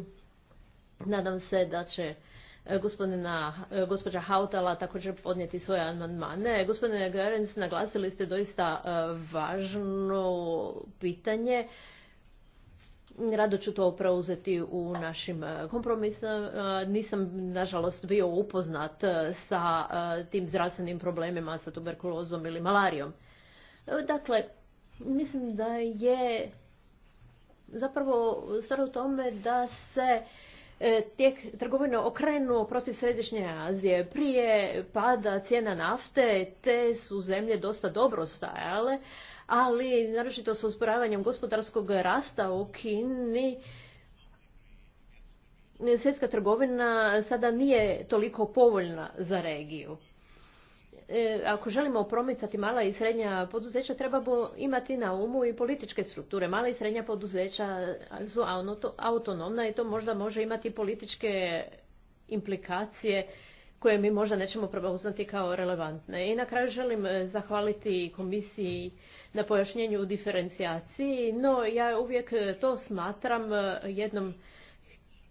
nadam se da će E, e, gospođa Hautala također podnijeti svoje amandmane. Gospodine Gerenc, naglasili ste doista e, važno pitanje. Rado ću to preuzeti u našim kompromisama. Nisam, nažalost, bio upoznat sa tim zdravstvenim problemima, sa tuberkulozom ili malarijom. Dakle, mislim da je zapravo stvar u tome da se E, tijek trgovine okrenuo protiv Središnje Azije. Prije pada cijena nafte te su zemlje dosta dobro stajale, ali naročito s usporavanjem gospodarskog rasta u Kini svjetska trgovina sada nije toliko povoljna za regiju. E, ako želimo promicati mala i srednja poduzeća, trebamo imati na umu i političke strukture. Mala i srednja poduzeća su autonomna i to možda može imati političke implikacije koje mi možda nećemo prepoznati kao relevantne. I na kraju želim e, zahvaliti komisiji na pojašnjenju u diferencijaciji, no ja uvijek to smatram e, jednom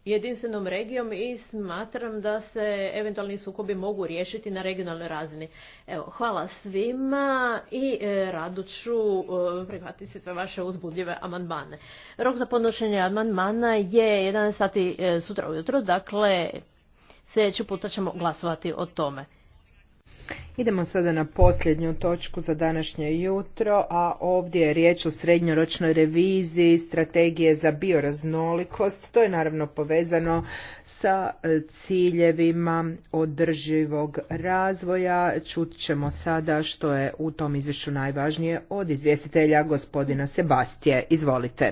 jedinstvenom regijom i smatram da se eventualni sukobi mogu riješiti na regionalnoj razini. Evo, hvala svima i e, rado ću e, prihvatiti sve vaše uzbudljive amandmane. Rok za podnošenje amandmana je 11 sati e, sutra ujutro, dakle sljedeći puta ćemo glasovati o tome. Idemo sada na posljednju točku za današnje jutro, a ovdje je riječ o srednjoročnoj reviziji strategije za bioraznolikost. To je naravno povezano sa e, ciljevima održivog razvoja. Čut ćemo sada što je u tom izvješću najvažnije od izvjestitelja gospodina Sebastije. Izvolite.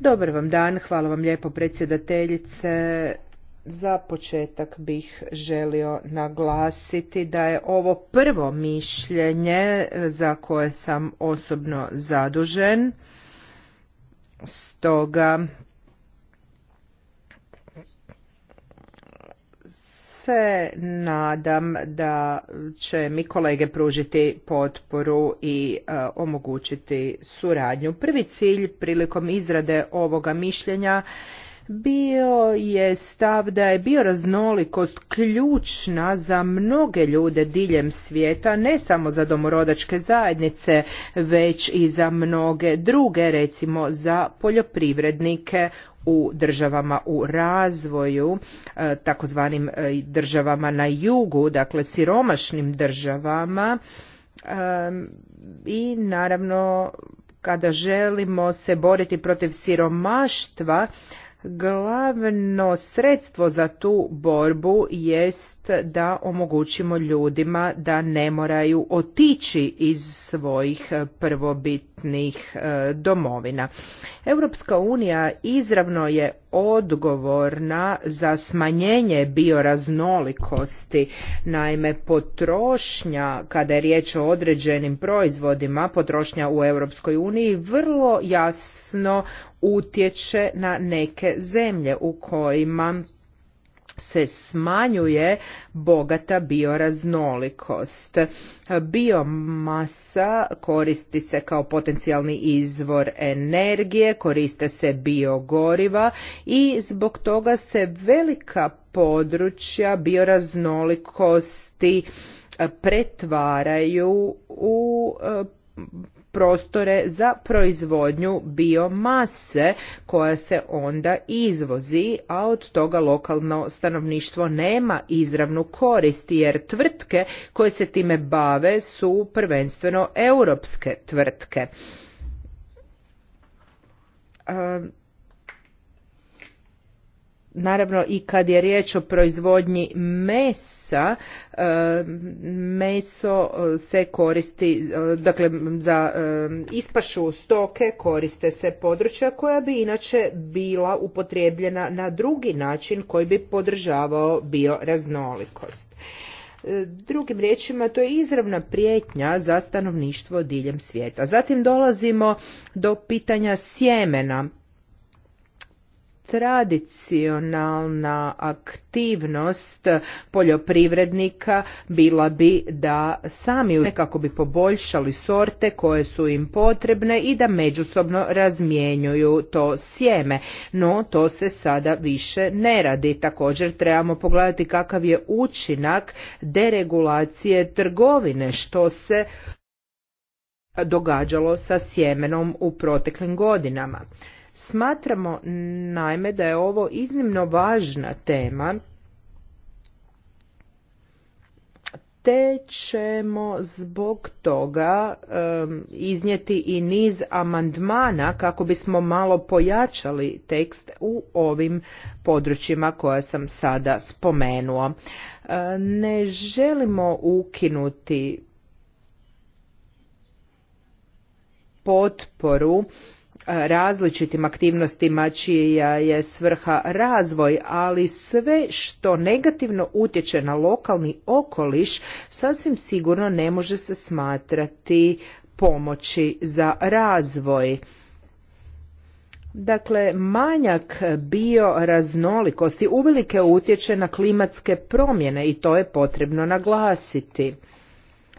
Dobar vam dan, hvala vam lijepo predsjedateljice, za početak bih želio naglasiti da je ovo prvo mišljenje za koje sam osobno zadužen. Stoga se nadam da će mi kolege pružiti potporu i e, omogućiti suradnju. Prvi cilj prilikom izrade ovoga mišljenja bio je stav da je bioraznolikost ključna za mnoge ljude diljem svijeta, ne samo za domorodačke zajednice, već i za mnoge druge, recimo za poljoprivrednike u državama u razvoju, e, takozvanim e, državama na jugu, dakle siromašnim državama i naravno kada želimo se boriti protiv siromaštva Glavno sredstvo za tu borbu jest da omogućimo ljudima da ne moraju otići iz svojih prvobitnih e, domovina. Europska unija izravno je odgovorna za smanjenje bioraznolikosti. Naime, potrošnja, kada je riječ o određenim proizvodima, potrošnja u Europskoj uniji vrlo jasno utječe na neke zemlje u kojima se smanjuje bogata bioraznolikost. Biomasa koristi se kao potencijalni izvor energije, koriste se biogoriva i zbog toga se velika područja bioraznolikosti pretvaraju u prostore za proizvodnju biomase koja se onda izvozi, a od toga lokalno stanovništvo nema izravnu korist jer tvrtke koje se time bave su prvenstveno europske tvrtke. Naravno i kad je riječ o proizvodnji mesa, e, meso e, se koristi, e, dakle za ispašu stoke koriste se područja koja bi inače bila upotrijebljena na drugi način koji bi podržavao bioraznolikost. Drugim riječima, to je izravna prijetnja za stanovništvo diljem svijeta. Zatim dolazimo do pitanja sjemena tradicionalna aktivnost poljoprivrednika bila bi da sami kako bi poboljšali sorte koje su im potrebne i da međusobno razmjenjuju to sjeme. No to se sada više ne radi. Također trebamo pogledati kakav je učinak deregulacije trgovine što se događalo sa sjemenom u proteklim godinama. Smatramo najme da je ovo iznimno važna tema te ćemo zbog toga iznijeti i niz amandmana kako bismo malo pojačali tekst u ovim područjima koja sam sada spomenuo. E, ne želimo ukinuti potporu različitim aktivnostima čija je svrha razvoj, ali sve što negativno utječe na lokalni okoliš sasvim sigurno ne može se smatrati pomoći za razvoj. Dakle, manjak bioraznolikosti uvelike utječe na klimatske promjene i to je potrebno naglasiti.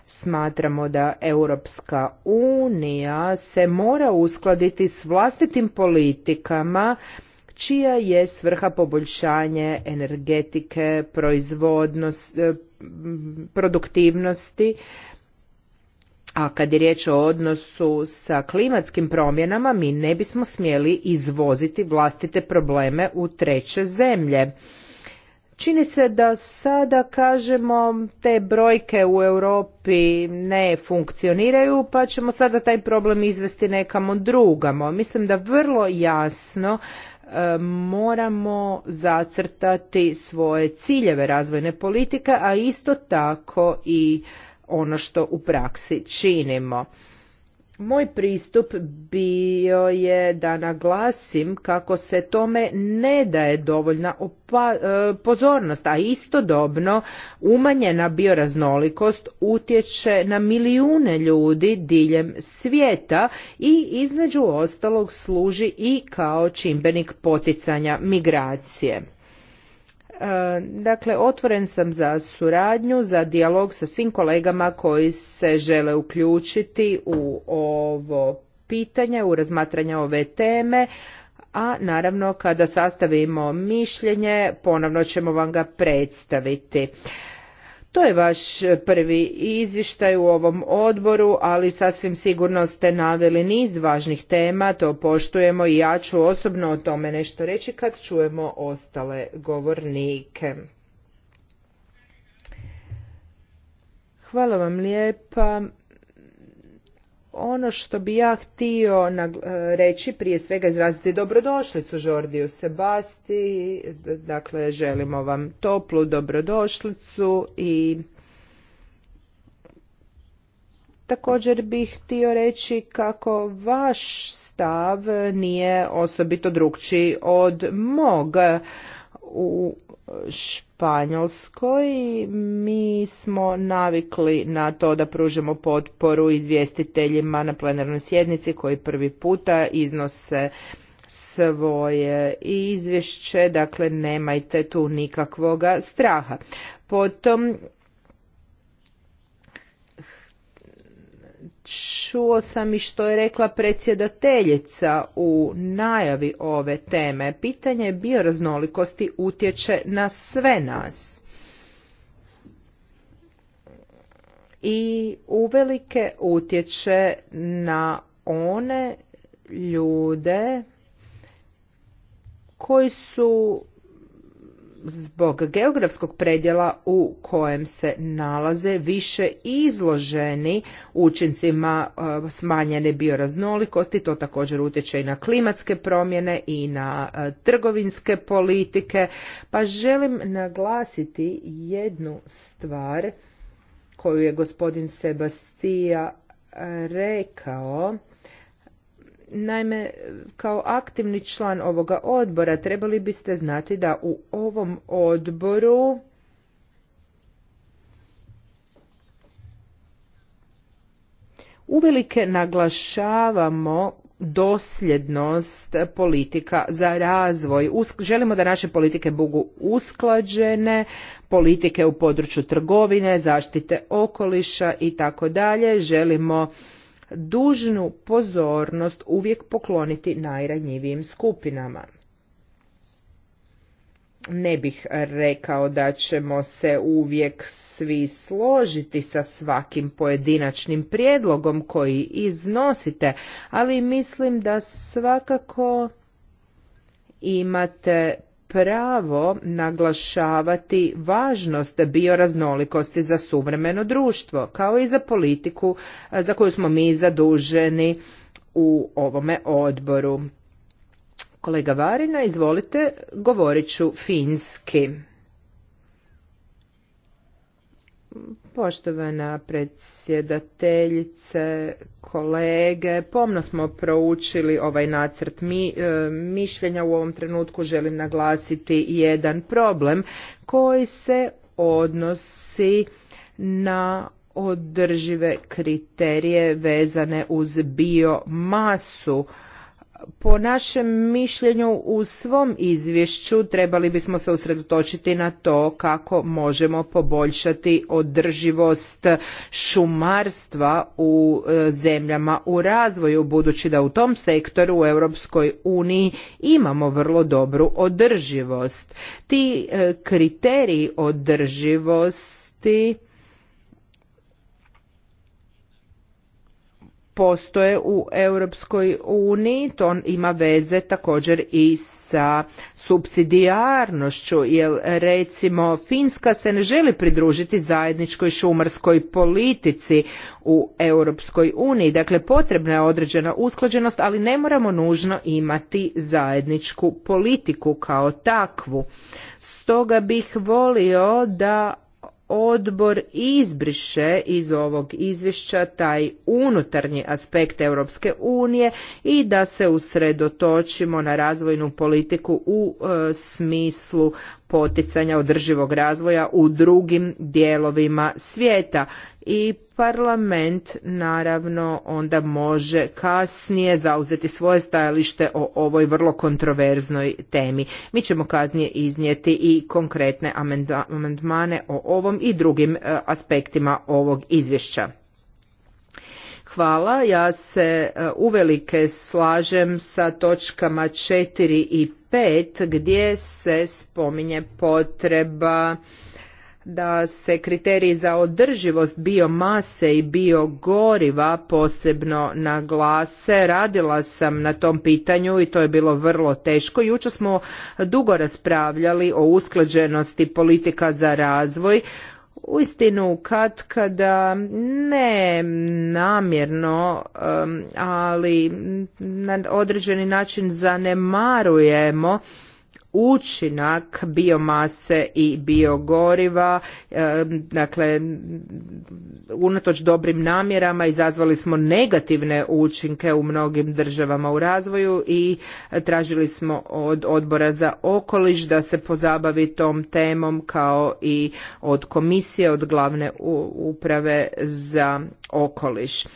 Smatramo da Europska unija se mora uskladiti s vlastitim politikama čija je svrha poboljšanje energetike, proizvodnost, eh, produktivnosti, a kad je riječ o odnosu sa klimatskim promjenama, mi ne bismo smjeli izvoziti vlastite probleme u treće zemlje. Čini se da sada kažemo te brojke u Europi ne funkcioniraju pa ćemo sada taj problem izvesti nekamo drugamo. Mislim da vrlo jasno e, moramo zacrtati svoje ciljeve razvojne politike, a isto tako i ono što u praksi činimo moj pristup bio je da naglasim kako se tome ne daje dovoljna e, pozornost, a istodobno umanjena bioraznolikost utječe na milijune ljudi diljem svijeta i između ostalog služi i kao čimbenik poticanja migracije. E, dakle, otvoren sam za suradnju, za dijalog sa svim kolegama koji se žele uključiti u ovo pitanje, u razmatranje ove teme, a naravno kada sastavimo mišljenje ponovno ćemo vam ga predstaviti. To je vaš prvi izvištaj u ovom odboru, ali sasvim sigurno ste naveli niz važnih tema, to poštujemo i ja ću osobno o tome nešto reći kad čujemo ostale govornike. Hvala vam lijepa. Ono što bi ja htio e, reći, prije svega izraziti dobrodošlicu Žordiju Sebasti, dakle želimo vam toplu dobrodošlicu i također bih htio reći kako vaš stav nije osobito drukčiji od mog u Španjolskoj mi smo navikli na to da pružimo potporu izvjestiteljima na plenarnoj sjednici koji prvi puta iznose svoje izvješće, dakle nemajte tu nikakvoga straha. Potom čuo sam i što je rekla predsjedateljica u najavi ove teme. Pitanje bioraznolikosti utječe na sve nas. I uvelike utječe na one ljude koji su zbog geografskog predjela u kojem se nalaze više izloženi učincima e, smanjene bioraznolikosti, to također utječe i na klimatske promjene i na e, trgovinske politike, pa želim naglasiti jednu stvar koju je gospodin Sebastija rekao Naime, kao aktivni član ovoga odbora trebali biste znati da u ovom odboru uvelike naglašavamo dosljednost politika za razvoj. Želimo da naše politike budu usklađene, politike u području trgovine, zaštite okoliša i tako dalje. Želimo dužnu pozornost uvijek pokloniti najranjivijim skupinama ne bih rekao da ćemo se uvijek svi složiti sa svakim pojedinačnim prijedlogom koji iznosite, ali mislim da svakako imate pravo naglašavati važnost bioraznolikosti za suvremeno društvo, kao i za politiku za koju smo mi zaduženi u ovome odboru. Kolega Varina, izvolite, govorit ću finski. Poštovana predsjedateljice, kolege, pomno smo proučili ovaj nacrt Mi, e, mišljenja. U ovom trenutku želim naglasiti jedan problem koji se odnosi na održive kriterije vezane uz biomasu po našem mišljenju u svom izvješću trebali bismo se usredotočiti na to kako možemo poboljšati održivost šumarstva u e, zemljama u razvoju budući da u tom sektoru u Europskoj uniji imamo vrlo dobru održivost ti e, kriteriji održivosti postoje u Europskoj uniji, to ima veze također i sa subsidijarnošću, jer recimo Finska se ne želi pridružiti zajedničkoj šumarskoj politici u Europskoj uniji, dakle potrebna je određena usklađenost, ali ne moramo nužno imati zajedničku politiku kao takvu. Stoga bih volio da odbor izbriše iz ovog izvješća taj unutarnji aspekt Europske unije i da se usredotočimo na razvojnu politiku u e, smislu poticanja održivog razvoja u drugim dijelovima svijeta i parlament naravno onda može kasnije zauzeti svoje stajalište o ovoj vrlo kontroverznoj temi. Mi ćemo kasnije iznijeti i konkretne amandmane o ovom i drugim e, aspektima ovog izvješća. Hvala, ja se e, uvelike slažem sa točkama 4 i 5 gdje se spominje potreba da se kriteriji za održivost biomase i biogoriva posebno naglase. Radila sam na tom pitanju i to je bilo vrlo teško. Jučer smo dugo raspravljali o usklađenosti politika za razvoj uistinu kad kada ne namjerno um, ali na određeni način zanemarujemo učinak biomase i biogoriva e, dakle unatoč dobrim namjerama izazvali smo negativne učinke u mnogim državama u razvoju i tražili smo od odbora za okoliš da se pozabavi tom temom kao i od komisije od glavne uprave za okoliš e,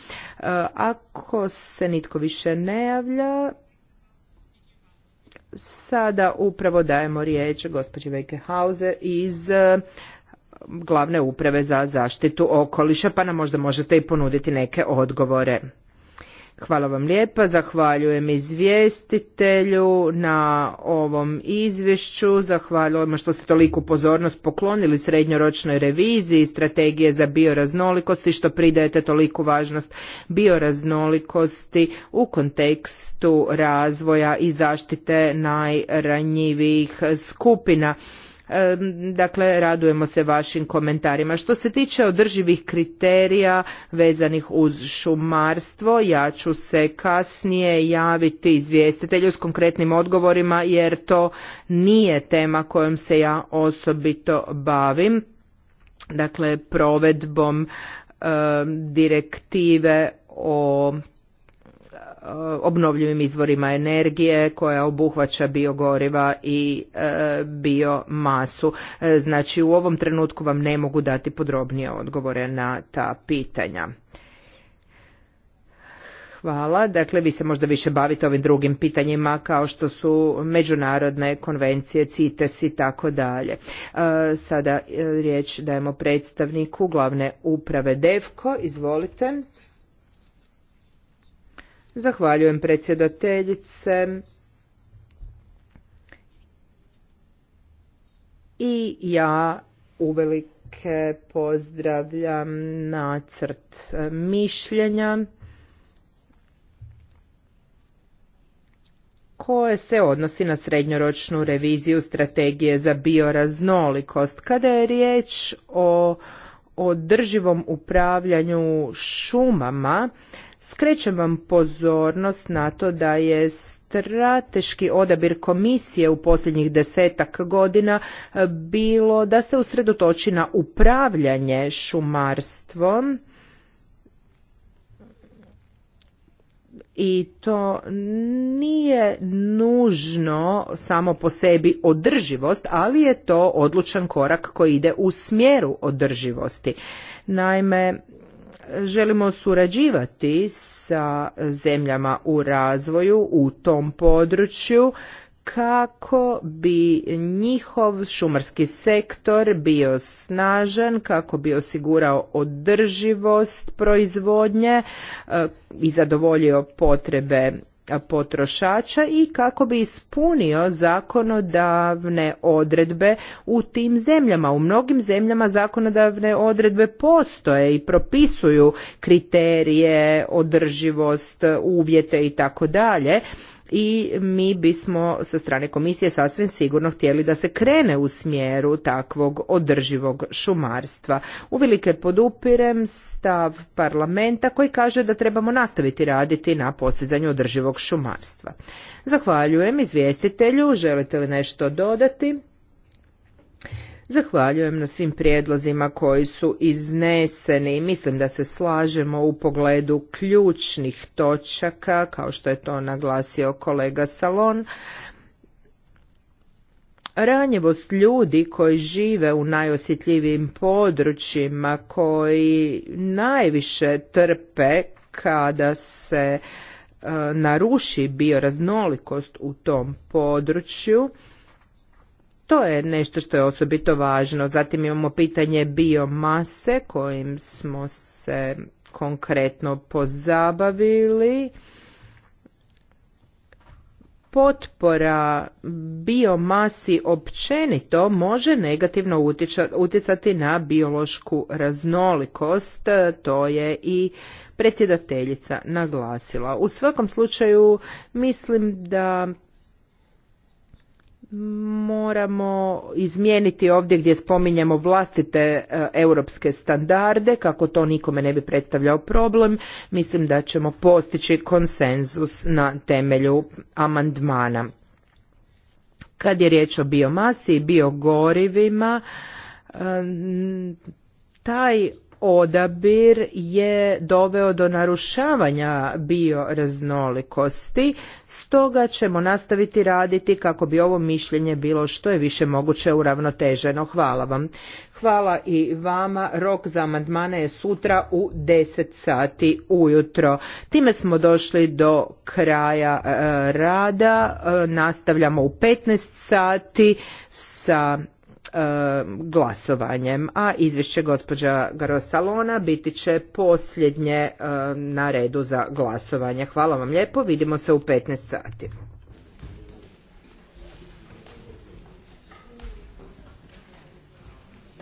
ako se nitko više ne javlja Sada upravo dajemo riječ gospođi Wekehauser iz e, glavne uprave za zaštitu okoliša, pa nam možda možete i ponuditi neke odgovore. Hvala vam lijepa, zahvaljujem izvjestitelju na ovom izvješću, zahvaljujemo što ste toliku pozornost poklonili srednjoročnoj reviziji strategije za bioraznolikost i što pridajete toliku važnost bioraznolikosti u kontekstu razvoja i zaštite najranjivijih skupina. Dakle, radujemo se vašim komentarima. Što se tiče održivih kriterija vezanih uz šumarstvo, ja ću se kasnije javiti izvjestitelju s konkretnim odgovorima jer to nije tema kojom se ja osobito bavim. Dakle, provedbom direktive o obnovljivim izvorima energije koja obuhvaća biogoriva i e, biomasu. E, znači u ovom trenutku vam ne mogu dati podrobnije odgovore na ta pitanja. Hvala. Dakle, vi se možda više bavite ovim drugim pitanjima kao što su međunarodne konvencije, CITES i tako dalje. E, sada riječ dajemo predstavniku glavne uprave DEVKO. Izvolite. Zahvaljujem predsjedateljice. I ja uvelike pozdravljam nacrt mišljenja koje se odnosi na srednjoročnu reviziju strategije za bioraznolikost. Kada je riječ o održivom upravljanju šumama, Skrećem vam pozornost na to da je strateški odabir komisije u posljednjih desetak godina e, bilo da se usredotoči na upravljanje šumarstvom i to nije nužno samo po sebi održivost, ali je to odlučan korak koji ide u smjeru održivosti. Naime, želimo surađivati sa zemljama u razvoju u tom području kako bi njihov šumarski sektor bio snažan, kako bi osigurao održivost proizvodnje e, i zadovoljio potrebe potrošača i kako bi ispunio zakonodavne odredbe u tim zemljama. U mnogim zemljama zakonodavne odredbe postoje i propisuju kriterije, održivost, uvjete i tako dalje i mi bismo sa strane komisije sasvim sigurno htjeli da se krene u smjeru takvog održivog šumarstva. Uvilike podupirem stav parlamenta koji kaže da trebamo nastaviti raditi na postizanju održivog šumarstva. Zahvaljujem izvjestitelju, želite li nešto dodati? Zahvaljujem na svim prijedlozima koji su izneseni i mislim da se slažemo u pogledu ključnih točaka, kao što je to naglasio kolega Salon. Ranjevost ljudi koji žive u najosjetljivijim područjima, koji najviše trpe kada se e, naruši bioraznolikost u tom području, to je nešto što je osobito važno. Zatim imamo pitanje biomase kojim smo se konkretno pozabavili. Potpora biomasi općenito može negativno utjecati na biološku raznolikost, to je i predsjedateljica naglasila. U svakom slučaju mislim da moramo izmijeniti ovdje gdje spominjemo vlastite e, europske standarde kako to nikome ne bi predstavljao problem mislim da ćemo postići konsenzus na temelju amandmana kad je riječ o biomasi i biogorivima e, taj odabir je doveo do narušavanja bioraznolikosti, stoga ćemo nastaviti raditi kako bi ovo mišljenje bilo što je više moguće uravnoteženo. Hvala vam. Hvala i vama. Rok za amandmane je sutra u 10 sati ujutro. Time smo došli do kraja e, rada. E, nastavljamo u 15 sati sa E, glasovanjem, a izvješće gospođa Garosalona biti će posljednje e, na redu za glasovanje. Hvala vam lijepo, vidimo se u 15 sati.